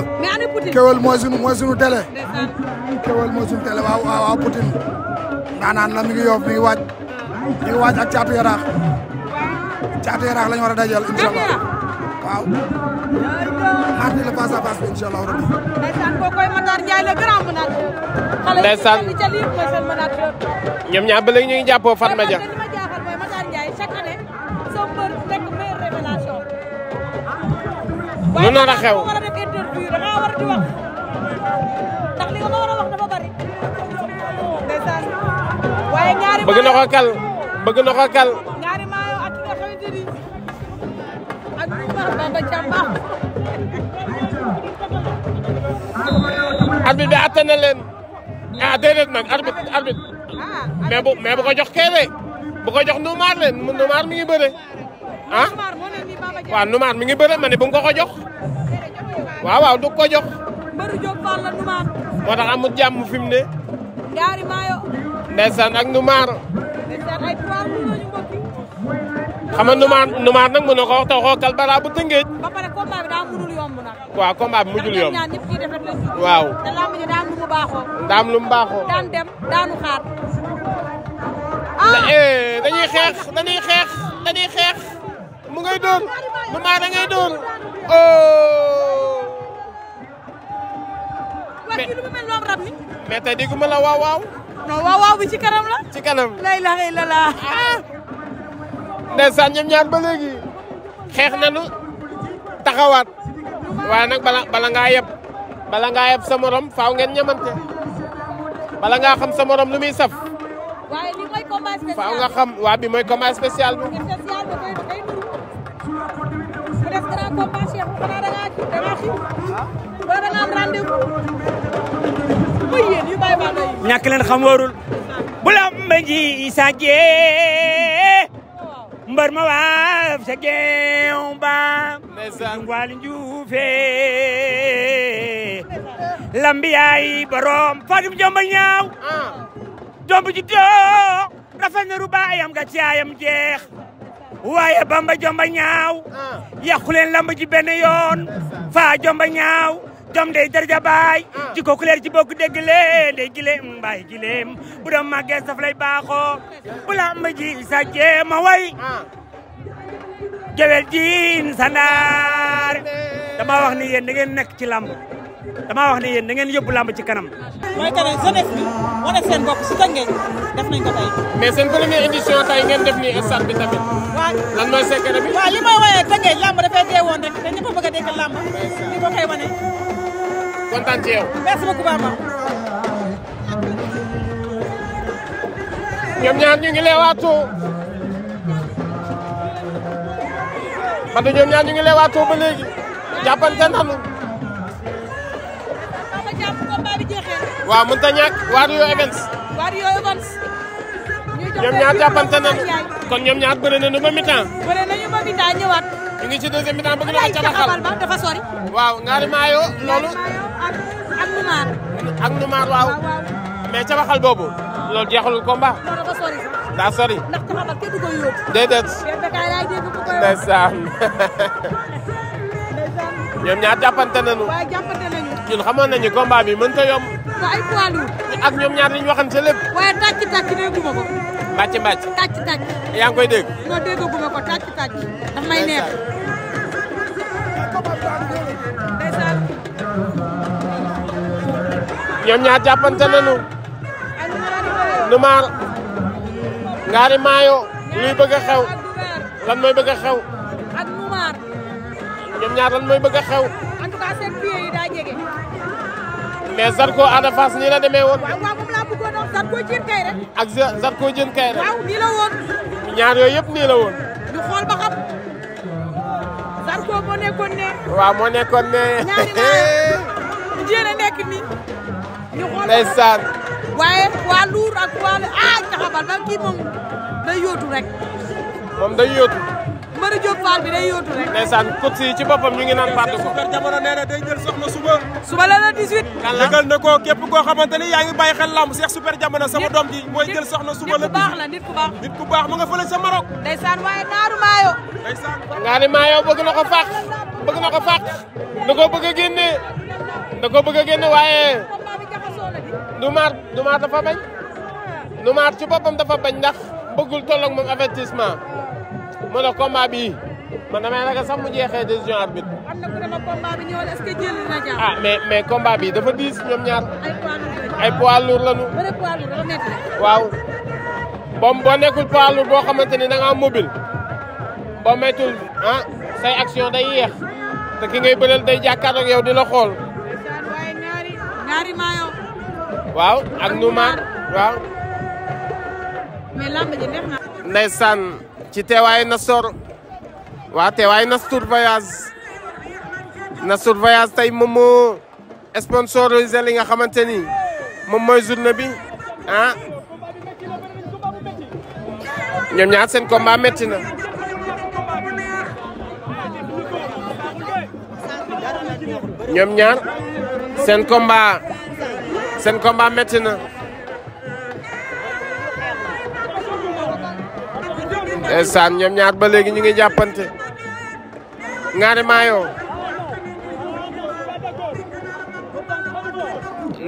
ah. mooy suñu mooy suñu mooy suñu télé waaw waaw Poutine ndaanaan la mi ngi yoof mi waaj mi waaj ak caatu yaraax caatu yaraax lañu war a dajal incha allah waaw mardi le face à face bi incha allah rabbi ndeysaan ko koy Matar Ndiaye le grand manager ndeysaan ñoom ñaar ba léegi ñu ngi jàppoo Fatma Dia lu nar a bëgg na ko kal bëgg na leen ah déedéet nag arbitre arbitre ah, mais bu mais bu ko jox keebe bu ko jox numaar leen numaar mi ngi bëre ah numaar mi ngi bëre ma ne bu nga waaw waaw du ko moo tax amut jàmm ne ndeysaan ak Ndoumbar. ndeysaan ay trois mille la ñu mbokk yi. na bu Tëngéej. ba pare combat bi daa mënul yomb nag. waaw combat bi mujjul waaw te lamb ji daa am lu mu baaxoo. daan dem daanu xaar. ah eh, dañuy xeex dañuy xeex dañuy xeex mu ngay dóor Ndoumbar da ngay dóor oh. mais mais ma la waaw waaw. non waaw waaw bi ci kanam la. ci kanam lay la xëy la laa. Ah. ndeysaan ñoom ñaar ba léegi xeex nañu taxawaat waa nag bala bala ngaa yeb bala nga yeb sa morom faaw ngeen ñamante bala ngaa xam sa morom lu muy saf. faaw nga xam waa bi mooy combat spécial bi. ñàkk leen xam warul bu lamb ji sàggee mbar ma waaf ca geew ba waali njuufe lambi yaay borom jomba ñaaw ah. jomb ji doo rafet na ru baayam jeex waaye bamba jomba ñaaw ah. yàqu leen lamb ji benn yoon faa jomba ñaaw jom day daraja baay ah. ci ko kuleer ci bokk dégg lee day gileem mbaay gileem bu doon màggee saf lay baaxoo la ma ji sa jeema way ah. gewel diin sa ndaar dama wax ni yéen da ngeen nekk ci làmb dama wax ni yéen da ngeen yóbbu làmb ci kanam mooy que ne jeunesse bi wane seen bopp si tëngee def nañ ko tey mais seen première édition tey ngeen def ni stade bi tamit waaw lan mooy secret bi waaw li may woyee kontaan ci yow. merci beaucoup Baba. ñoom ñaar ñu ngi leewaatoo. Mate ñoom ñaar ñu ngi leewaatoo ba léegi. jàppante waaw mënut a ñàkk Wario Evans. Wario Evans. ñoom ñaar jàppante kon ñoom ñaar bëre nañu ba mi-temps. bëre ba mi-temps ñu ngi ci deuxième mi-temps bëgg na waaw ñaari maayo loolu ak numaar. ak numaar waaw. mais caxabal boobu. loolu jeexalul combat. loolu dafa sori sax. daa sori. ndax caxabal ñoom ñaar jàppante ñun xamoon nañu combat bi mënut a yomb. waaw ay poids lourd. ak ñoom ñaar li ñu waxante lépp. waaye tàcc tàcc dégguma ko. mbàcc mbàcc. tàcc tàcc. yaa ngi koy dégg. non dégguma ko tàcc tàcc. daf may neex. bëgg xew. lan mooy bëgg xew. ñoom ñaar lan mooy bëgg a xew. en tout cas seen pieds jege. mais Zarko Ada Fass nii la demee woon. waaw waaw moom laa bëggoon wax jën kay rek. ak jën kay rek. waaw nii woon. ñaar yooyu yëpp nii la woon. ñu xool ba xam. Zarko moo nekkoon ne. waaw moo nekkoon ne. ñaari nekk nii. ñu xool ndeysaan. waaye waa Lour ak waa ah taxawal ba kii moom day yóotu rek. moom day yóotu. Mbari Diop Fall bi day yóotu rek. ndeysaan kut si ci boppam ñu ngi naan battu ko. jamono nee na day jël soxna suba. suba la la 18. kan la dëggal na ko képp koo xamante ni yaa ngi bàyyi xel lamb Cheikh Super jamono sama doom ji mooy jël soxna suba la. nit ku baax la nit ku baax. nit ku baax mu nga fële sa Maroc. ndeysaan waaye naaru maayo. ndeysaan nga ni maayo bëgg na ko fàq. bëgg na ko fàq. da koo bëgg a génne. da koo bëgg a génne waaye. du maar du maar dafa bañ. du maar ci boppam dafa bañ ndax bëggul tolloog moom avertissement mu ne combat bi man damay ragal mu jeexee décision arbitre. am na ku ne ma combat bi ah, mais mais combat dafa diis ñoom ñaar. ay poids lourd waaw bom boo nekkul poids boo xamante ni da ngaa mobile boo méttul ah, say action day yéex te ki ngay bëreel day jàkkaarloog yow di la xool. waaw ak nu waaw. mais lamb ci na sor waa teewaayu Nastor voyage Nastor voyage tey moom moo sponsorisé li nga xamante ni moom mooy journée bi ah ñoom ñaar seen combat métti na. ñoom ñaar sen komba seen combat métti na. ndeysaan ñoom ñaar ba léegi ñu ngi jàppante Ngane Mayo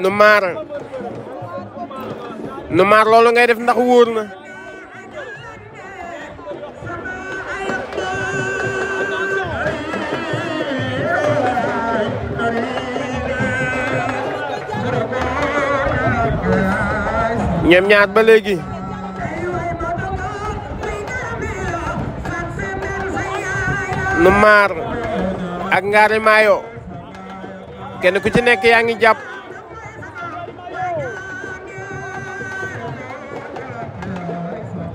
nu maar nu maar loolu ngay def ndax wóor na ñoom ñaar ba léegi nu maar ak ngaari maayo kenn ku ci nekk yaa ngi jàpp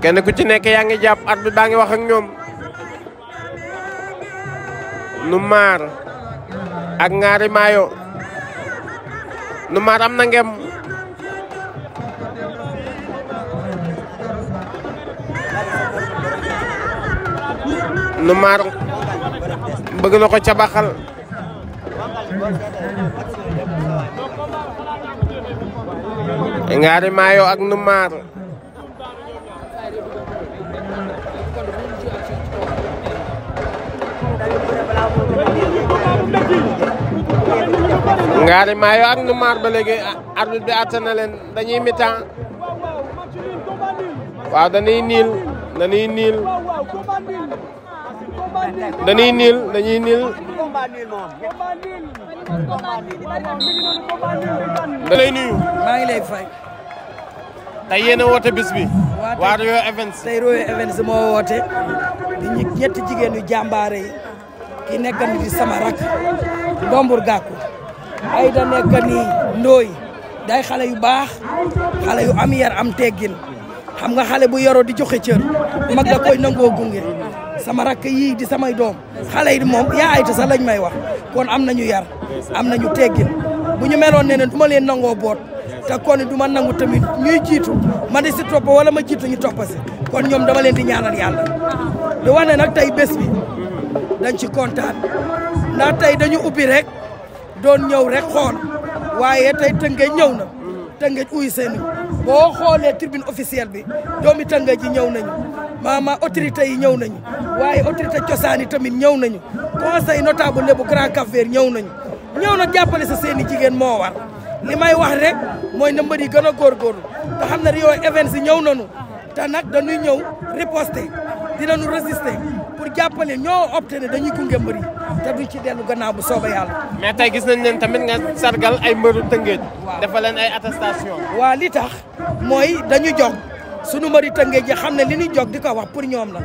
kenn ku ci nekk yaa ngi jàpp at bi baa ngi wax ak ñoom nu maar ak ngaari maayo nu maar am na nu maar bëgg na ko cabaxal ngaari maayo ak numaar ngaari ba léegi ah, arbitre bi àtte na leen dañuy mitan waaw dañuy niil dañuy niil dañuy niil dañuy niil da lay nuyu maa ngi lay fay tey yéen a woote bis bi waa Royo Events tey Royo moo woote di ñu ñetti jigéenu yi ki nekk ni di sama rak ay da ni ndooy day xale yu baax xale yu am yar am teggin xam nga xale bu yoroo di joxe cër mag da koy gunge sama rakk yii di samay doom xale yi moom yaa ayta sax lañ may wax kon am nañu yar am nañu teggin bu ñu meloon ne ne du leen nangoo boot te kon du ma nangu tamit ñuy jiitu ma di si topp wala ma jiitu ñu topp si kon ñoom dama leen di ñaanal yàlla di wax ne nag tey bés dañ ci kontaan ndax tey dañu ubbi rek doon ñëw rek xool waaye tey tëngeej ñëw na tëngeej uy seeni boo xoolee tribune officielle bi doomi tëngeej ji ñëw nañu maama autorité yi ñëw nañu waaye autorité cosaan yi tamit ñëw nañu conseil notable Lebu Grand Cap ñëw nañu ñëw na jàppale sa seen i jigéen moo war li may wax rek mooy na mbër yi gën a góorgóorlu te xam ne Rio Events yi ñëw nañu te nag dañuy ñëw riposter nu résister pour jàppale ñoo opté ne dañuy gunge mbër yi te duñ ci dellu gannaaw bu soobee yàlla. mais tey gis nañ leen tamit nga sargal ay mbëru Tëngéej. waaw dafa leen ay attestation. waa li tax mooy dañu jox. sunu mbëri tëngee ji xam ne li ñu jog di ko wax pour ñoom la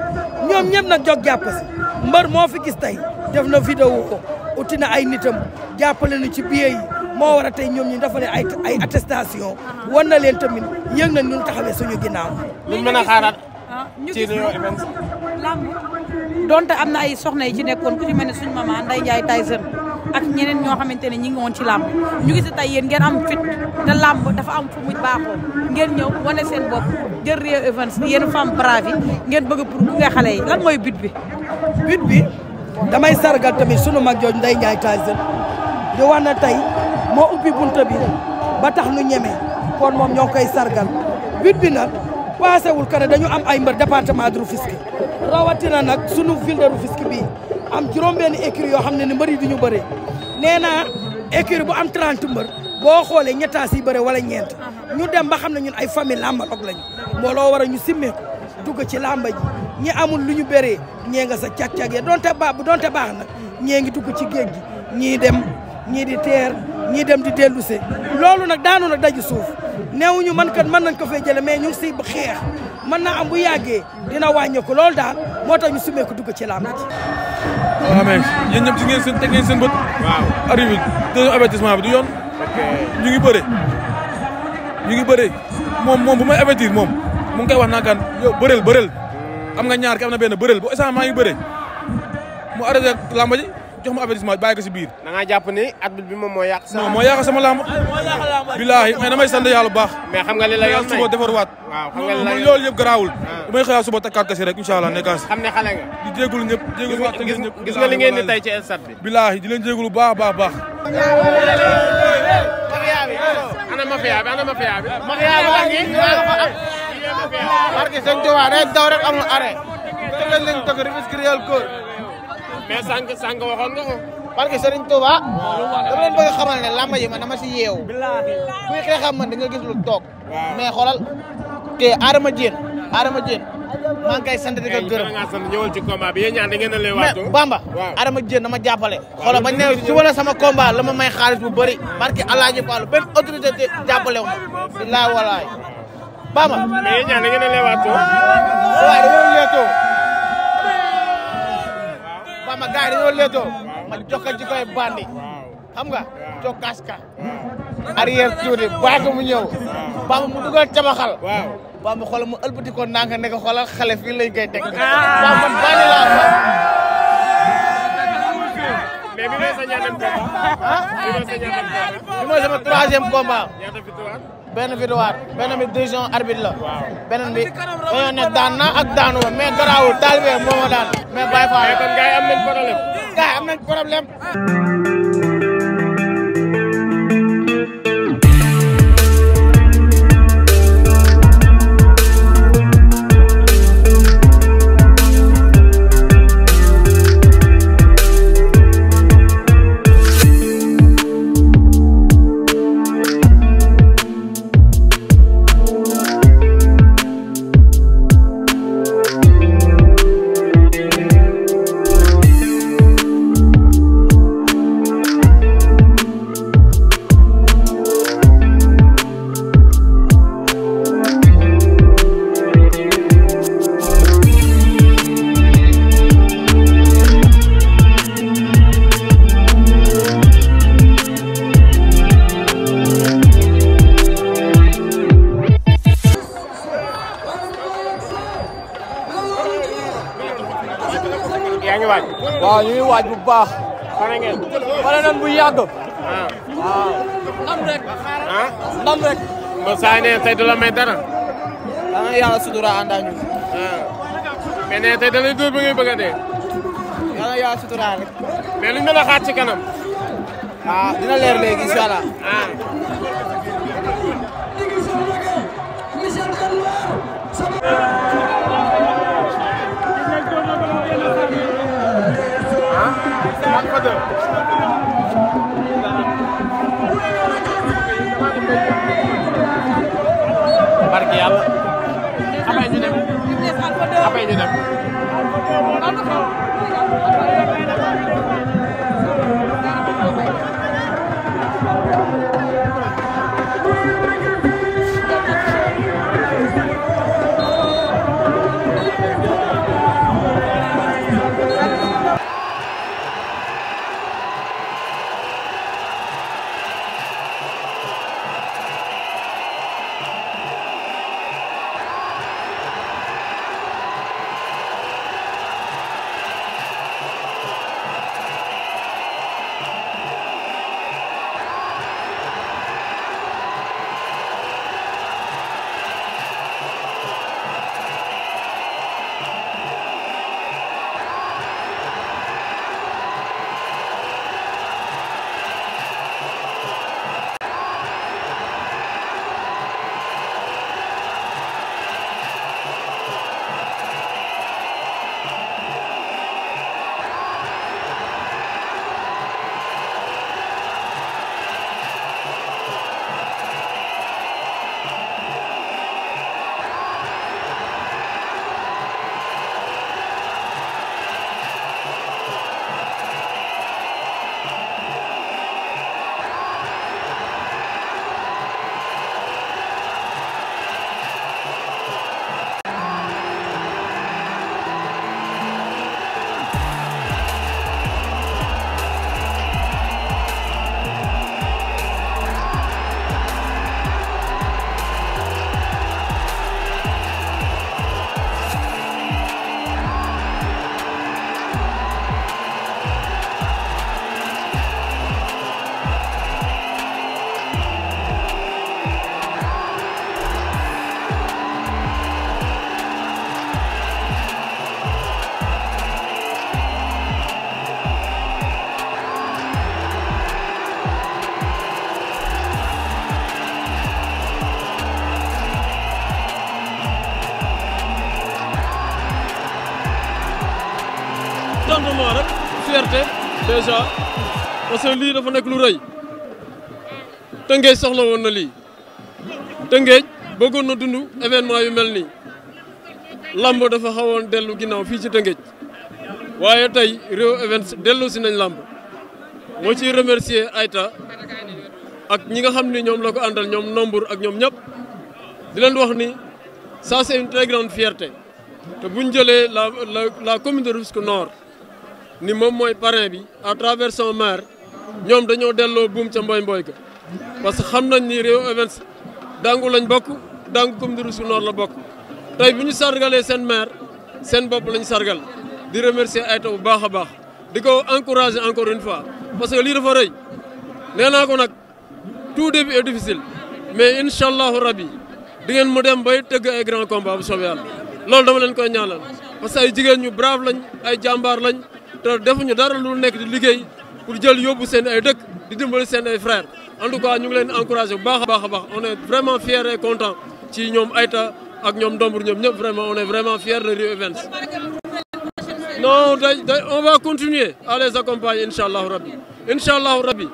ñoom ñëpp na jog jàpp si mbër moo fi gis tey def na vidéo ko uti na ay nitam jàppale nu ci billet yi moo war a tey ñoom ñu defalee ay ay attestation wan na leen tamit yëg nañ ñun taxawee suñu ginnaaw. luñ mën a xaaraat ah, ci Rio donte am na ay soxna yi ci nekkoon ku ci mel ne suñu maman Ndeye Ndiaye ak ñeneen ñoo xamante ne ñi ngi woon ci làmb ñu gis tey yéen ngeen am fit te làmb dafa am fu muy baaxoo ngeen ñëw wane seen bopp jël Rio Events yéen femme brave yi ngeen bëgg pour bu nga xale yi lan mooy bit bi but bi damay sargal tamit sunu mag jooju Ndeye Ndiaye Tyson di wax na tey moo ubbi bunta bi ba tax nu ñeme kon moom ñoo koy sargal but bi nag paasewul que ne dañu am ay mbër département de Rufisque rawatina nag sunu ville de bii am juróom-benn écurie yoo xam ne ne mbër yi du ñu bëri nee naa écurie bu am 30 mbër boo xoolee ñettaa siy bëre wala ñeent ñu dem ba xam ne ñun ay famille làmbaloog lañu moo loo war a ñu simmeeku dugg ci làmba ji ñi amul lu ñu bëree ñee nga sa cag-cag ya donte baax bu donte baax na ñee ngi dugg ci géej gi ñii dem ñii di teer ñii dem di dellusee loolu nag daanu nag daju suuf neewuñu man kat mën nañ ko fay jële mais ñu si siy xeex mën na am bu yàggee dina wàññeeku loolu daal moo tax ñu sumee ko dugg ci làmb ji. waaw mais yéen ñëpp ci ngeen seen teg bët. waaw arrivé deuxième avertissement bi du yoon. ñu ngi bëre ñu ngi bëre moom moom bu may avertir moom mu ngi koy wax naan kan yow bëreel am nga ñaar ki am na benn bëreel bu instant maa ngi bëre mu arrêté làmb jox ma avertissement bàyyi ko si biir. da ngaa jàpp ni arbitre bi moom moo yàq. sa non moo yàq sama lamb. billaahi mais damay sant yàlla bu baax. mais xam nga li la yoon may suba defarwaat. waaw xam nga li la yoon loolu yëpp garaawul. bu ah. may xëyaa suba takkaat kese rek incha allah nekkaas. xam ne xale nga. di jégalu ñëpp jégalu waat ñëpp. gis nga li ngeen di tey ci stade bi. billaahi di leen jégalu baax baax baax. ana mafia bi ana mafia bi. mafia bi wax nii dinaa la ko am. barke sëñ Tuubaa day daw rek amul arrêt. tëggal nañ tëgg rek mais sànq sànq waxoon nga ko. parce que Serigne Touba. dama leen bëgg xamal ne làmb yi man dama si yeewu. kuy xeexam man di nga gis lu toog. mais xoolal te Adama Dieng Adama Dieng. maa ngi koy sant di ko gërëm nga sant ñëwal ci bi yéen ñaan da ngeen a lay waatoo mais Bamba Adama Dieng dama jàppale xoolal bañ ne su wala sama combat la ma may xaalis bu bëri barki Alaaji Fallu benn autorité te jàppale wu walaay Bamba mais yéen ñaan da ngeen a lay waatoo waaye dañoo xam nga gars yi ma jox ko ci koy bandi xam nga jokkaas ka arrière tuuti bàyyi mu ñëw bamba mu dugal cabaxal bamba xoolal mu ëlbati nanga ne ko xoolal xale fii lañ koy teg waaw man laa mais bi ah? mooy sa ñaata combat ah benn bi dowaat benn bi décision arbitre la. beneen bi dañoo ne daan na ak daanu la mais garaawul taalibe moo ma daan mais bàyyi faa mais kon gars yi am nañ problème. gars yi am nañ problème. baax. pare ngeen pare nañ bu yàgg. waaw ah. ndam rek. ah ndam rek. Mbaye Sadio nee tey du la may dara. ah yàlla sutura ànd ak ñun. Ah. mais nee tey da lay dóor ba ngay bëgg a dee. yàlla yàlla sutura rek. mais luñ mën a xaar ci kanam. ah dina leer léegi incha allah. ah. barke yàlla abay ñu dem abay ñu dem Aïcha parce que lii dafa nekk lu Tëngéej soxla woon na lii Tëngéej bëggoon na dund événement yu mel nii lamb dafa xawoon dellu ginnaaw fii ci Tëngéej waaye tey réew events dellu si nañ làmb moo ciy remercier ayta ak ñi nga xam ni ñoom la ko àndal ñoom nombre ak ñoom ñëpp di leen wax ni ça c'est une très te buñ jëlee la la la commune de Rufisque ni moom mooy parrain bi à travers son ñoom dañoo delloo buum ca mbooy mboy ka parce que xam nañ ni Rio Events dangu lañ bokk dangu comme du Roussou Nord la bokk tey bu ñu sargalee seen maire seen bopp lañ sargal di remercier Aïta bu baax a baax di ko encourager encore une fois parce que lii dafa rëy nee naa ko nag tout début est difficile mais incha allahu rabi di ngeen mu dem bay tëgg ay grand combat bu soobee yàlla loolu dama leen koy ñaanal parce que ay jigéen ñu brave lañ jàmbaar lañ te defuñu dara lu nekk di liggéey pour jël yóbbu seen ay dëkk di dimbali seen ay frères en tout cas ñu ngi leen encouragé bu baax a baax a baax on est vraiment fier et content ci ñoom Aïta ak ñoom Ndombour ñoom ñëpp vraiment on est vraiment fier de Rio Events non day day on va continuer à les accompagner incha allahu rabbi incha allahu rabbi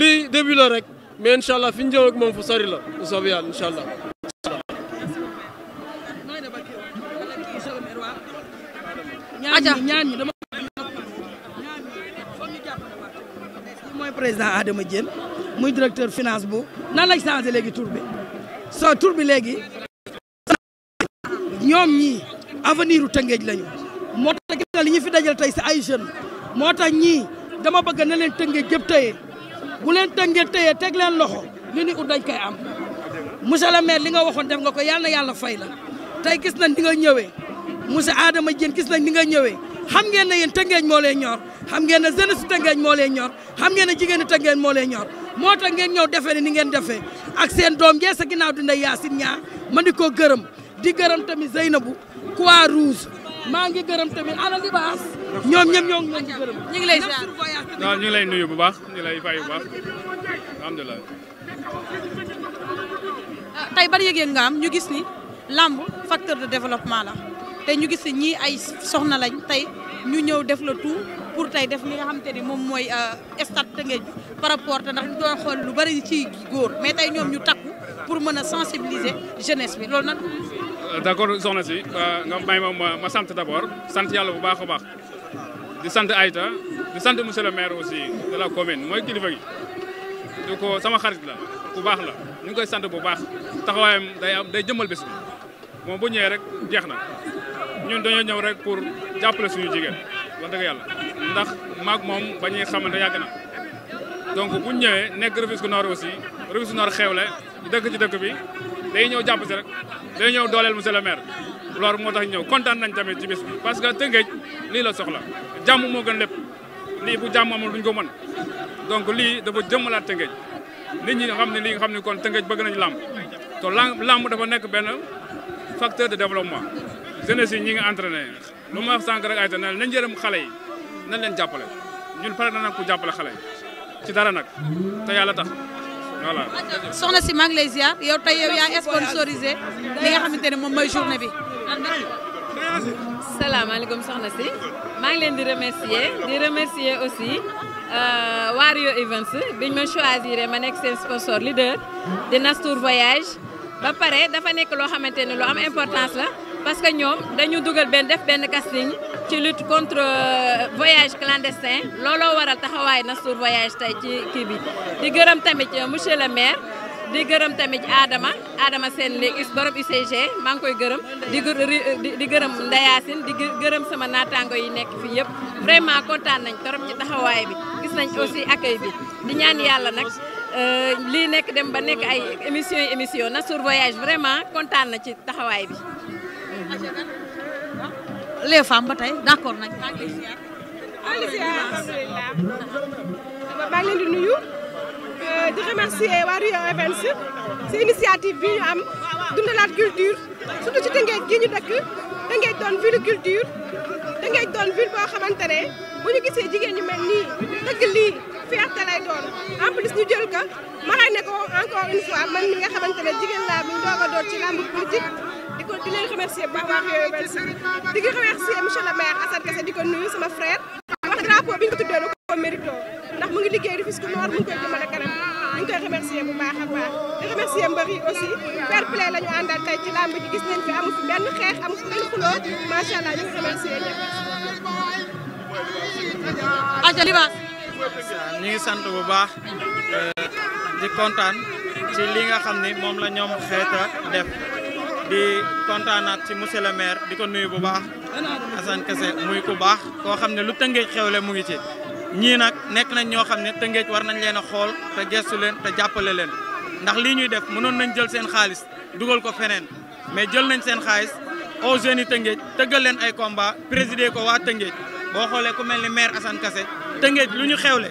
lii début rek mais incha allah fi ñu jëm moom fu sori la bu soobee yàlla incha allah. ñaan mooy président Adama Diène muy directeur finance bu nan lañ changé léegi tur bi soo tur bi léegi ñoom ñii avenir u Tëngéej lañu moo tax gis li ñu fi dajal tey si ay jeunes moo tax ñii dama bëgg na leen Tëngéej jëpp tëye bu leen Tëngéej tëyee teg leen loxo li ni ut dañ koy am monsieur le maire li nga waxoon def nga ko yàlla na yàlla fay la tey gis nañ di nga ñëwee monsieur Adama Diène gis nañ ni nga ñëwee xam ngeen ne yéen Tëngéej moo leen ñor xam ngeen ne jeunesse Tëngéej moo leen ñor xam ngeen ne jigéenu Tëngéej moo leen ñor moo tax ngeen ñëw defee ne ni ngeen defee ak seen doom jee sa ginnaaw di Ndeye Yacine Niang ma di ko gërëm di gërëm tamit Zeynabou Croix Rouge maa ngi gërëm tamit ana libaas ñoom ñëpp ñoo ngi leen di gërëm. ñu ngi lay ziar waaw ñu ngi lay nuyu bu baax ñu ngi lay fay bu baax alhamdulilah. Ah, tey ban yëg-yëg nga am ñu gis ni lamb facteur de développement la. te ñu gis ñii ay soxna lañ tey ñu ñëw def la tout pour tey def li nga xamante ni moom mooy euh, stade Tëngéej par rapport te ndax ñu xool lu bari ci góor mais tey ñoom ñu takku pour mën a sensibiliser jeunesse bi loolu nag. Euh, d'accord soxna si euh, nga may ma ma sant d'abord sant yàlla bu baax a baax di sant Aïta di sant monsieur le maire aussi de la commune mooy kilifa gi du ko sama xarit la bu baax la ñu ngi koy sant bu baax taxawaayam day am day jëmmal bés bi moom bu ñëwee rek jeex na. ñun dañoo ñëw rek pour jàppale suñu jigéen wax dëgg yàlla ndax maag moom ba ñuy xamante yàgg na donc bu ñu ñëwee nekk Rufisque Nord aussi Rufisque Nord xewle dëkk ci dëkk bi day ñëw jàpp si rek day ñëw dooleel mu le maire loolu moo tax ñëw kontaan nañ tamit ci bis bi parce que Tëngéej lii la soxla jàmm moo gën lépp lii bu jàmm amul duñ ko mën donc lii dafa jëmmalaat Tëngéej nit ñi nga xam ne lii nga xam ne kon Tëngéej bëgg nañ làmb te làmb dafa nekk benn facteur de développement jeunesse yi ñi ngi entraîné lu ma wax sànq rek ay na jërëm xale yi nañ leen jàppale ñun pare na nag ku jàppale xale yi ci dara nag te yàlla tax voilà. soxna si mag ngi lay ziar yow tey yow yaa sponsorisé li nga xamante ne moom mooy journée bi. salaamaaleykum soxna si maa ngi leen di remercier di remercier aussi euh, Wario Events biñ ma choisir ma nekk seen sponsor leader di Nastour Voyage. ba pare dafa nekk loo xamante ne lu am importance la parce que ñoom dañu dugal benn def benn casting ci lut contre euh, voyage clandestin looloo waral taxawaay Nassour voyage tey ci kii bi di gërëm tamit euh, monsieur le maire di gërëm tamit aadama aadama seen léegi borom UCG maa ngi koy gërëm di euh, di gërëm Ndayaasin di gërëm sama naataango yi nekk fii yëpp vraiment kontaan nañ torop ci taxawaay bi gis nañ aussi accueil bi di ñaan yàlla nag Euh, lii nekk dem ba nekk ay émission émission Nassour voyage vraiment kontaan na ci taxawaay bi. les femmes ba tey d'accord nañ. alhamdulilah maa leen di nuyu euh, di remercier waa Rio Events si initiative bi ñu am dundalaat culture surtout ci Tëngéej gi ñu dëkk Tëngéej doon ville culture Tëngéej doon ville boo xamante bu ñu gisee jigéen ñu mel nii dëgg lii. fierté lay doon en ñu jël ko marane ko encore une fois man mi nga xamante jigéen laa muy doog a door ci làmb politique di ko di leen remercier bu baax a baax di remercier mbër aussi fair play la ñu àndal tey ci làmb ji gis nañ fi amu benn xeex amu benn xuloo macha allah ñu ngi remercier ñëpp. ñu ngi sant bu baax euh, di kontaan ci li nga xam ni moom la ñoom xeeta def di kontaanaat ci monsieur le maire di ko nuyu bu baax Assane Kassé muy ku baax koo xam ne lu tëngeej xewle mu ngi ci ñii nag nekk nañ ñoo xam ne tëngeej war nañ leen a xool te gestu leen te jàppale leen ndax lii ñuy def mënoon nañ jël seen xaalis dugal ko feneen mais jël nañ seen xaalis aux jeunes yi tëngeej tëggal leen ay combat présider ko waa tëngeej boo xoolee ku mel ni maire Assane kase Tëngéej lu ñu xewle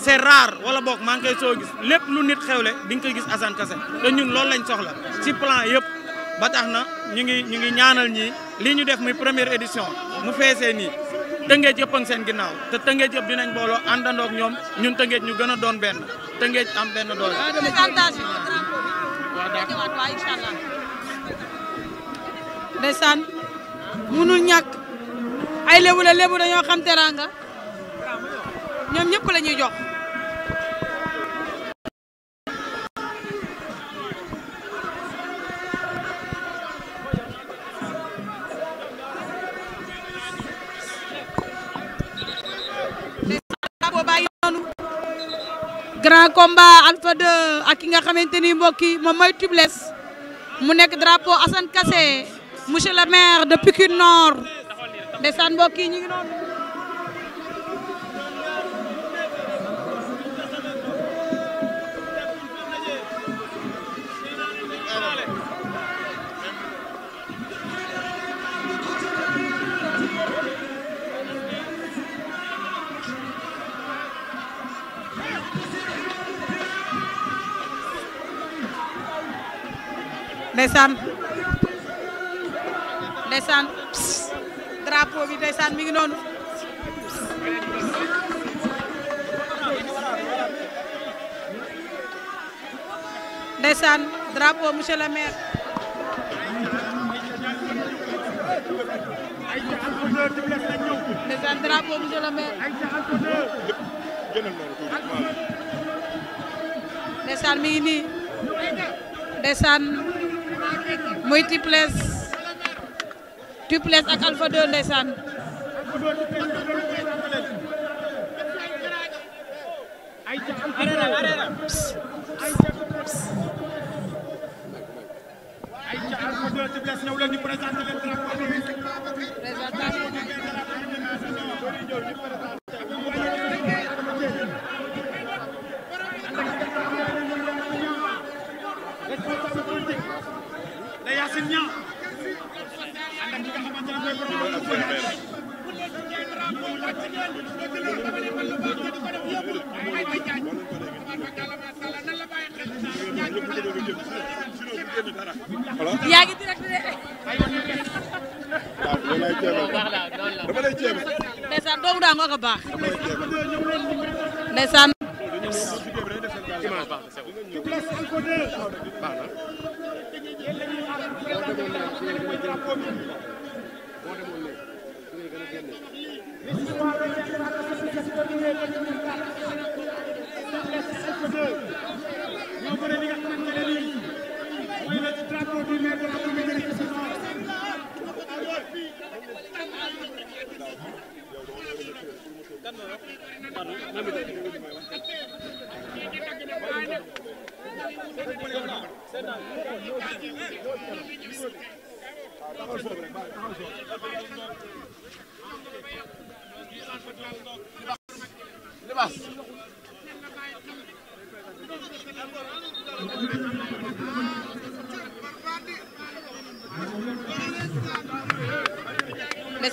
c'est rare wala boog maa ngi gis lépp lu nit xewle di nga koy gis Assane Kassé te ñun loolu lañ soxla si plan yëpp ba tax na ñu ngi ñu ngi ñaanal ñii lii ñu def muy première édition mu feesee nii Tëngéej yëpp a seen ginnaaw te Tëngéej yëpp dinañ booloo àndandoo ak ñoom ñun Tëngéej ñu gën a doon benn Tëngéej am benn doole. ndeysaan munul ñàkk ay lébu la lébu dañoo ñoom ñëpp la ñuy jox. grand combat Alpha 2 ak ki nga xamante ni mbokk yi moom mooy Tubeless mu nekk drapeau Assane Kassé monsieur le maire de Pikine Nord ndeysaan mbokk yi ñu noonu. ndeysaan drapeau bi ndeysaan mi ngi noonu ndeysaan drapeau monsieur le maire muy Tipless Tipless ak Alpha 2 sant baax ndeysaan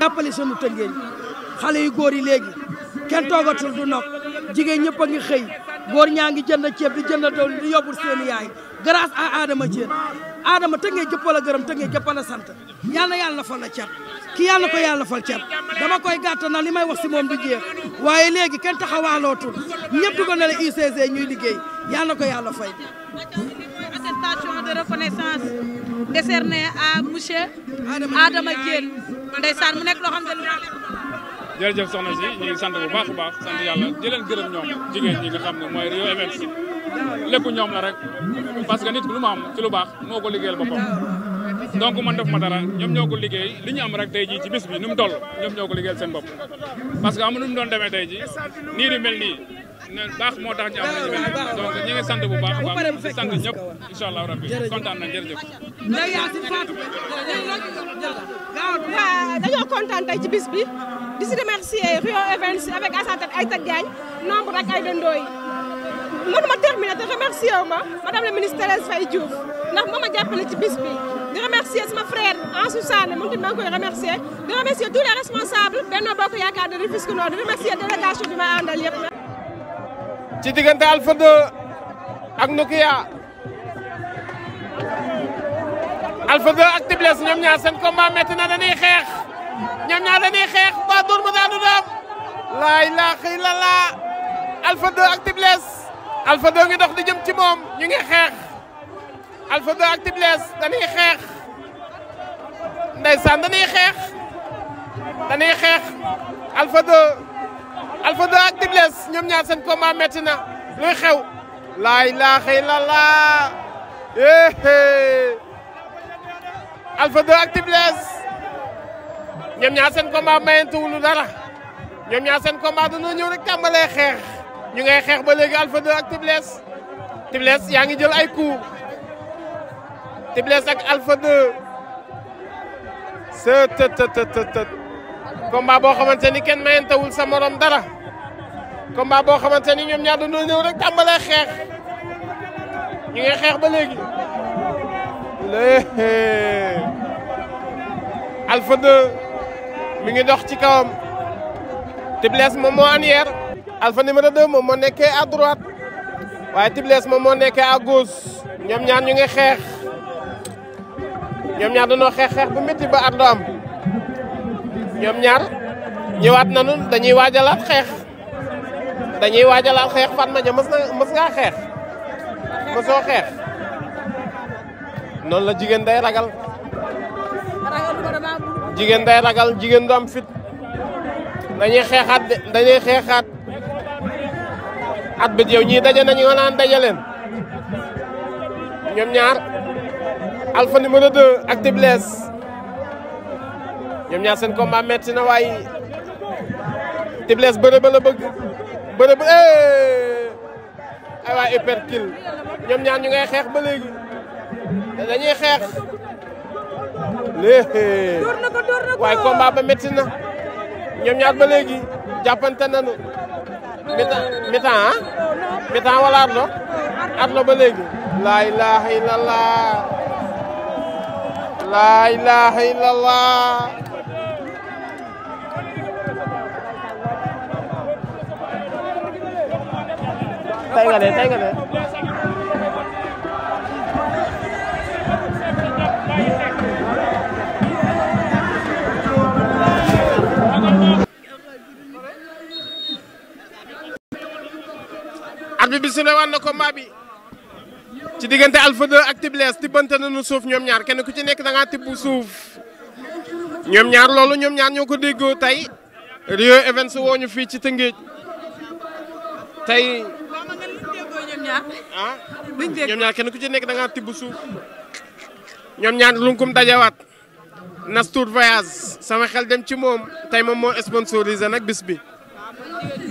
jàppale sunu tëngéej xale yu góor yi léegi kenn toogatul du nokk jigéen ñëpp a ngi xëy góor ñaa ngi jënd ceeb di jënd dool di yóbbul seen yaay grâce à Adama Diène Adama tëngéej jëppal a gërëm tëngéej jëppal a sant yàlla yàlla fal la cat ki yàlla ko yàlla fal cat dama koy gàtta na li may wax si moom du jeex waaye léegi kenn taxawaalootul ñëpp du ko ne la UCG ñuy liggéey ko yàlla fay attestation de reconnaissance décernée Adama Diène ndeysaan mu nekk loo xam ne soxna si ñu ngi sant bu baax a baax sant yàlla di leen gërëm ñoom jigéen ñi nga xam ne mooy Rio Events lépp ñoom la rek parce que nit lu ma am ci lu baax moo ko liggéeyal boppam donc man def ma dara ñoom ñoo ko liggéey li ñu am rek tey jii ci bis bi nu mu toll ñoom ñoo ko liggéeyal seen bopp parce que am nu mu doon demee tey jii nii di nii baax moo tax ñu am donc ñu ngi sant bu baax a baax di sant ñëpp incha allah rabbi kontaan nañ jërëjëf. Ah, dañoo kontaan tey ci bis bi di si remercier Rio Events avec à sa tête Aïta Diagne nombre ak ay dëndoo yi mënuma terminer te remercier wu ma madame la ministre Thérèse Faye Diouf ndax moo ma jàppale ci bis bi di remercier sama frère Ansou Sané moom tamit maa ngi koy remercier di remercier tous les responsables Benno Bokk Yaakaar de Rufisque Nord di remercier délégation bi ma àndal yëpp ci diggante Alpha ak Nokia Alpha ak Tibles ñoom ñaar seen combat metti na dañuy xeex ñoom ñaar dañuy xeex ba dóor mu daanu doom laa ilaaha illallah ak Tibles Alpha 2 ngi dox di xeex Alpha 2 ak Tibles xeex ndeysaan dañuy xeex dañuy Alpha 2 ak Tibles ñoom ñaar seen combat metti na luy xew laa ilaaha illallaah eh, eh. Alpha 2 ak Tibles ñoom ñaar seen combat mayentuwulu dara ñoom ñaar seen combat dañoo ñëw rek tàmbalee xeex ñu ngay xeex ba léegi Alpha 2 ak Tibles Tibles yaa ngi jël ay coups Tibles ak Alpha 2 së tët tët tët combat boo xamante ni kenn mayentewul sa morom dara combat boo xamante ni ñoom ñaar dañoo ñëw rek tàmbalee xeex ñu ngi xeex ba léegi léegi Alpha 2 dox ci kawam Tibles moom moo arrière Alpha numéro 2 moom moo nekkee à droite waaye Tibles moom moo nekkee à gauche ñoom ñaar ñu ngi xeex ñoom ñaar dañoo xeex xeex bu métti ba àndoo am ñoom ñaar ñëwaat nañu dañuy waajalaat xeex. dañuy waajalaal xeex Fatma Dia mës na mës ngaa xeex mësoo noonu la jigéen day ragal jigéen day ragal jigéen du am fit dañuy xeexaat dañuy xeexaat at bi yow ñii daje nañu nga naan daje leen ñoom ñaar alpha numéro 2 ak Tiblesse ñoom ñaar seen combat metti na waaye Tiblesse bëre bu eh! ay waa hyperkill ñoom ñaar ñu ngay xeex ba léegi te dañuy xeex léegi waaye combat ba métti na ñoom ñaar ba léegi jàppante nañu mitan ah mitan wala ardo ardo ba léegi laa ilaha illallah laa ilaha illallah tay nga ne ne arbitre bi sifflé waat na combat bi ci diggante Alpha 2 ak Tiblesse na nañu suuf ñoom ñaar kenn ku ci nekk da ngaa tibb suuf ñoom ñaar loolu ñoom ñaar ñoo ko déggoo tey Rio Events woo fii ci Tëngéej tey ñaar. ah ñoom ñaar kenn ku ci nekk da ngaa tibb suuf. ñoom ñaar lu nkum dajawaat. Nastour voyage sama xel dem ci moom tey moom moo sponsorisé nag bis bi.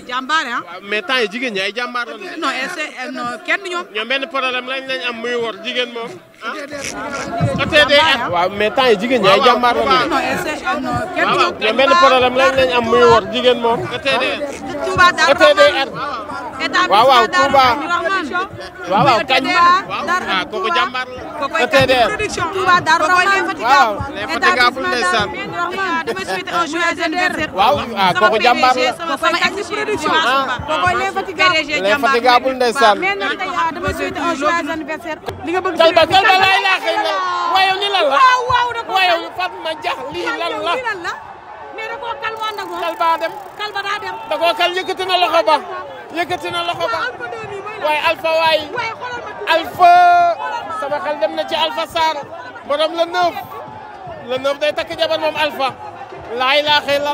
jàmbaare ah. waaw mais temps yi jigéen ñi ay jàmbaar la. non est euh, non kenn ñoom. ñoom benn problème lañ lañ am muy wor jigéen moom. ah waaw mais temps yi jigéen ñi ay jàmbaar la. non est euh, non kenn ñoom. ñoom benn problème lañ lañ am muy wor jigéen moom. ETDR waaw waaw Touba waaw waaw kañ waaw kooku jàmbaar la ETDR waaw les photographes ndeysaan waaw ah, kooku jàmbaar la production boobu l'infatigable ndeysaan ah, dama souhaité laa xëy na waaye ni lan la waaye Fatma Dia lii lan da koo kal woon da koo kal na loxo ba yëkkati loxo ba waaye Alpha waay Alpha sama xel na ci Alpha Sarr borom la neuf la neuf day takk laa xëy la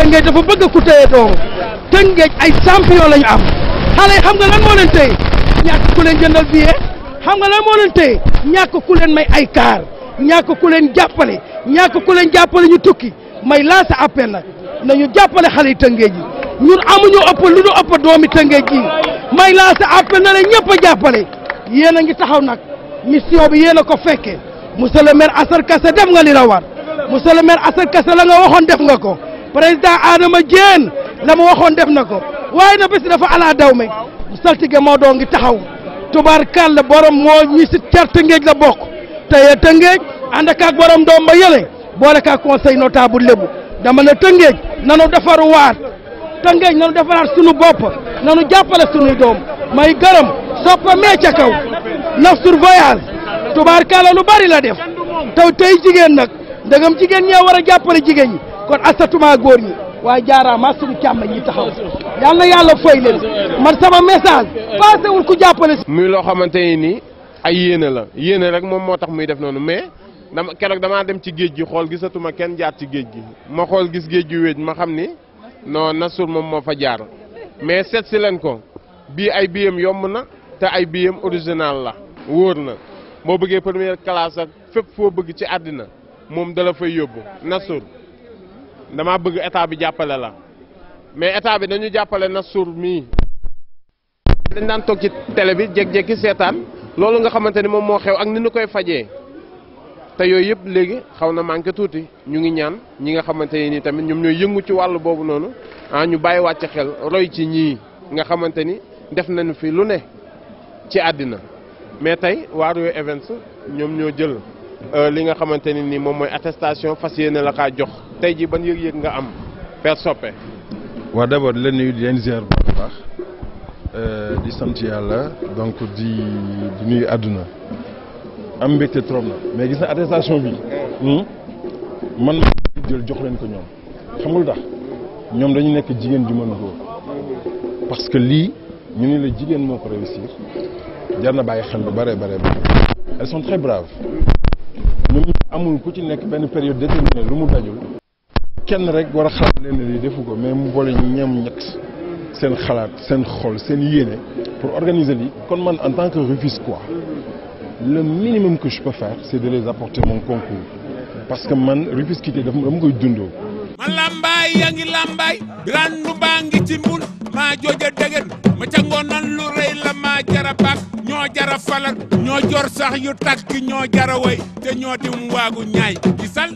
Tëngéej dafa bëgg ku téye doom Tëngéej ay champion la ñu am xale yi xam nga lan moo leen téye ñàkk ku leen jëndal xam nga lan moo leen téye ñàkk ku leen may ay kaar ñàkk ku leen jàppale ñàkk ku leen jàppale ñu tukki may lancé appel nag nañu jàppale xale yi Tëngéej yi ñun amuñu ëpp lu ñu ëpp doomi Tëngéej yi may lancé appel na la ñëpp a jàppale yéen a ngi taxaw nag mission bi yéen a ko fekkee monsieur le maire Assane Kassé def nga li la war monsieur le maire Assane la nga waxoon def nga ko président Adama Diène la ma waxoon def na ko waaye na bés dafa ala daw me saltige moo doo ngi taxaw tubaar tubaarkàlla borom moo ñi si car Tëngéej la bokk teye Tëngéej ànd ak borom doom ba yële boole kaag conseil notable lébu dama ne Tëngéej nanu defaruwaat Tëngéej nanu defaraat sunu bopp nanu jàppale sunuy doom may gërëm soppa mee ca kaw Naftour voyage tubaarkàlla lu bari la def taw tey jigéen nag ndegam jigéen ñee war a jàppale jigéen ñi kon asatuma góor ñi waaye jaaraama suñu càmm ñi taxaw yal na yàlla fay leen man sama message passé wul ku jàppale si. muy loo xamante ne nii ay yéene la yéene rek moom moo tax muy def noonu mais dama keroog damaa dem ci géej gi xool gisatuma kenn jaar ci géej gi ma xool gis géej gi wéej ma xam ni noo nasur moom moo fa jaar mais seet si leen ko bii ay biyam yomb na te ay biyam original la wóor na boo bëggee première classe ak fépp foo bëgg ci àddina moom dala fay yóbbu Nassour damaa bëgg état bi jàppale la mais état bi dañu jàppale Nassour mii. dañ daan toog ci télé bi jékki-jékki seetaan loolu nga xamante ni moom moo xew ak ni nu koy fajee te yooyu yëpp léegi xaw na manqué tuuti ñu ngi ñaan ñi nga xamante ne nii tamit ñoom ñooy yëngu ci wàll boobu noonu ah ñu bàyyi wàcc xel roy ci ñii nga xamante ni def nañu fi lu ne ci àddina mais tey waa Rio Events ñoom ñoo jël. Euh, li nga xamante ne ni moom mooy attestation fas yéene la kaa jox tey ji ban yëg-yëg nga am Père Sopé waaw d'abord leen nuyu di leen ziar bu euh, di sant yàlla donc di di nuyu àdduna am mbégte trop na mais gis na attestation bi hmm? man ma jël jox leen ko ñoom xamul tax ñoom dañu nekk jigéen ju mën góor parce que lii ñu ni la jigéen moo ko réussir jar na bàyyi xel lu bare bare bare elles sont très braves ñoom ñëpp amul ku ci nekk benn période déterminée lu mu dajul kenn rek war a xalaat leen ne defu ko mais mu boole ñu ñam ñett seen xalaat seen xool seen yéene pour organiser lii kon man en tant que Rufisquois le minimum que je peux faire c'est de les apporter mon concours parce que man Rufisque daf mu koy dundoo ma lambaay yaa ngi lambaay birandu baa ngi ci mbul maa jooja degen ma ca ngoonan lu rëy la maa jara baak ñoo jara falal ñoo jor sax yu takk ñoo jara way te ñoo dim waagu ñaay gisal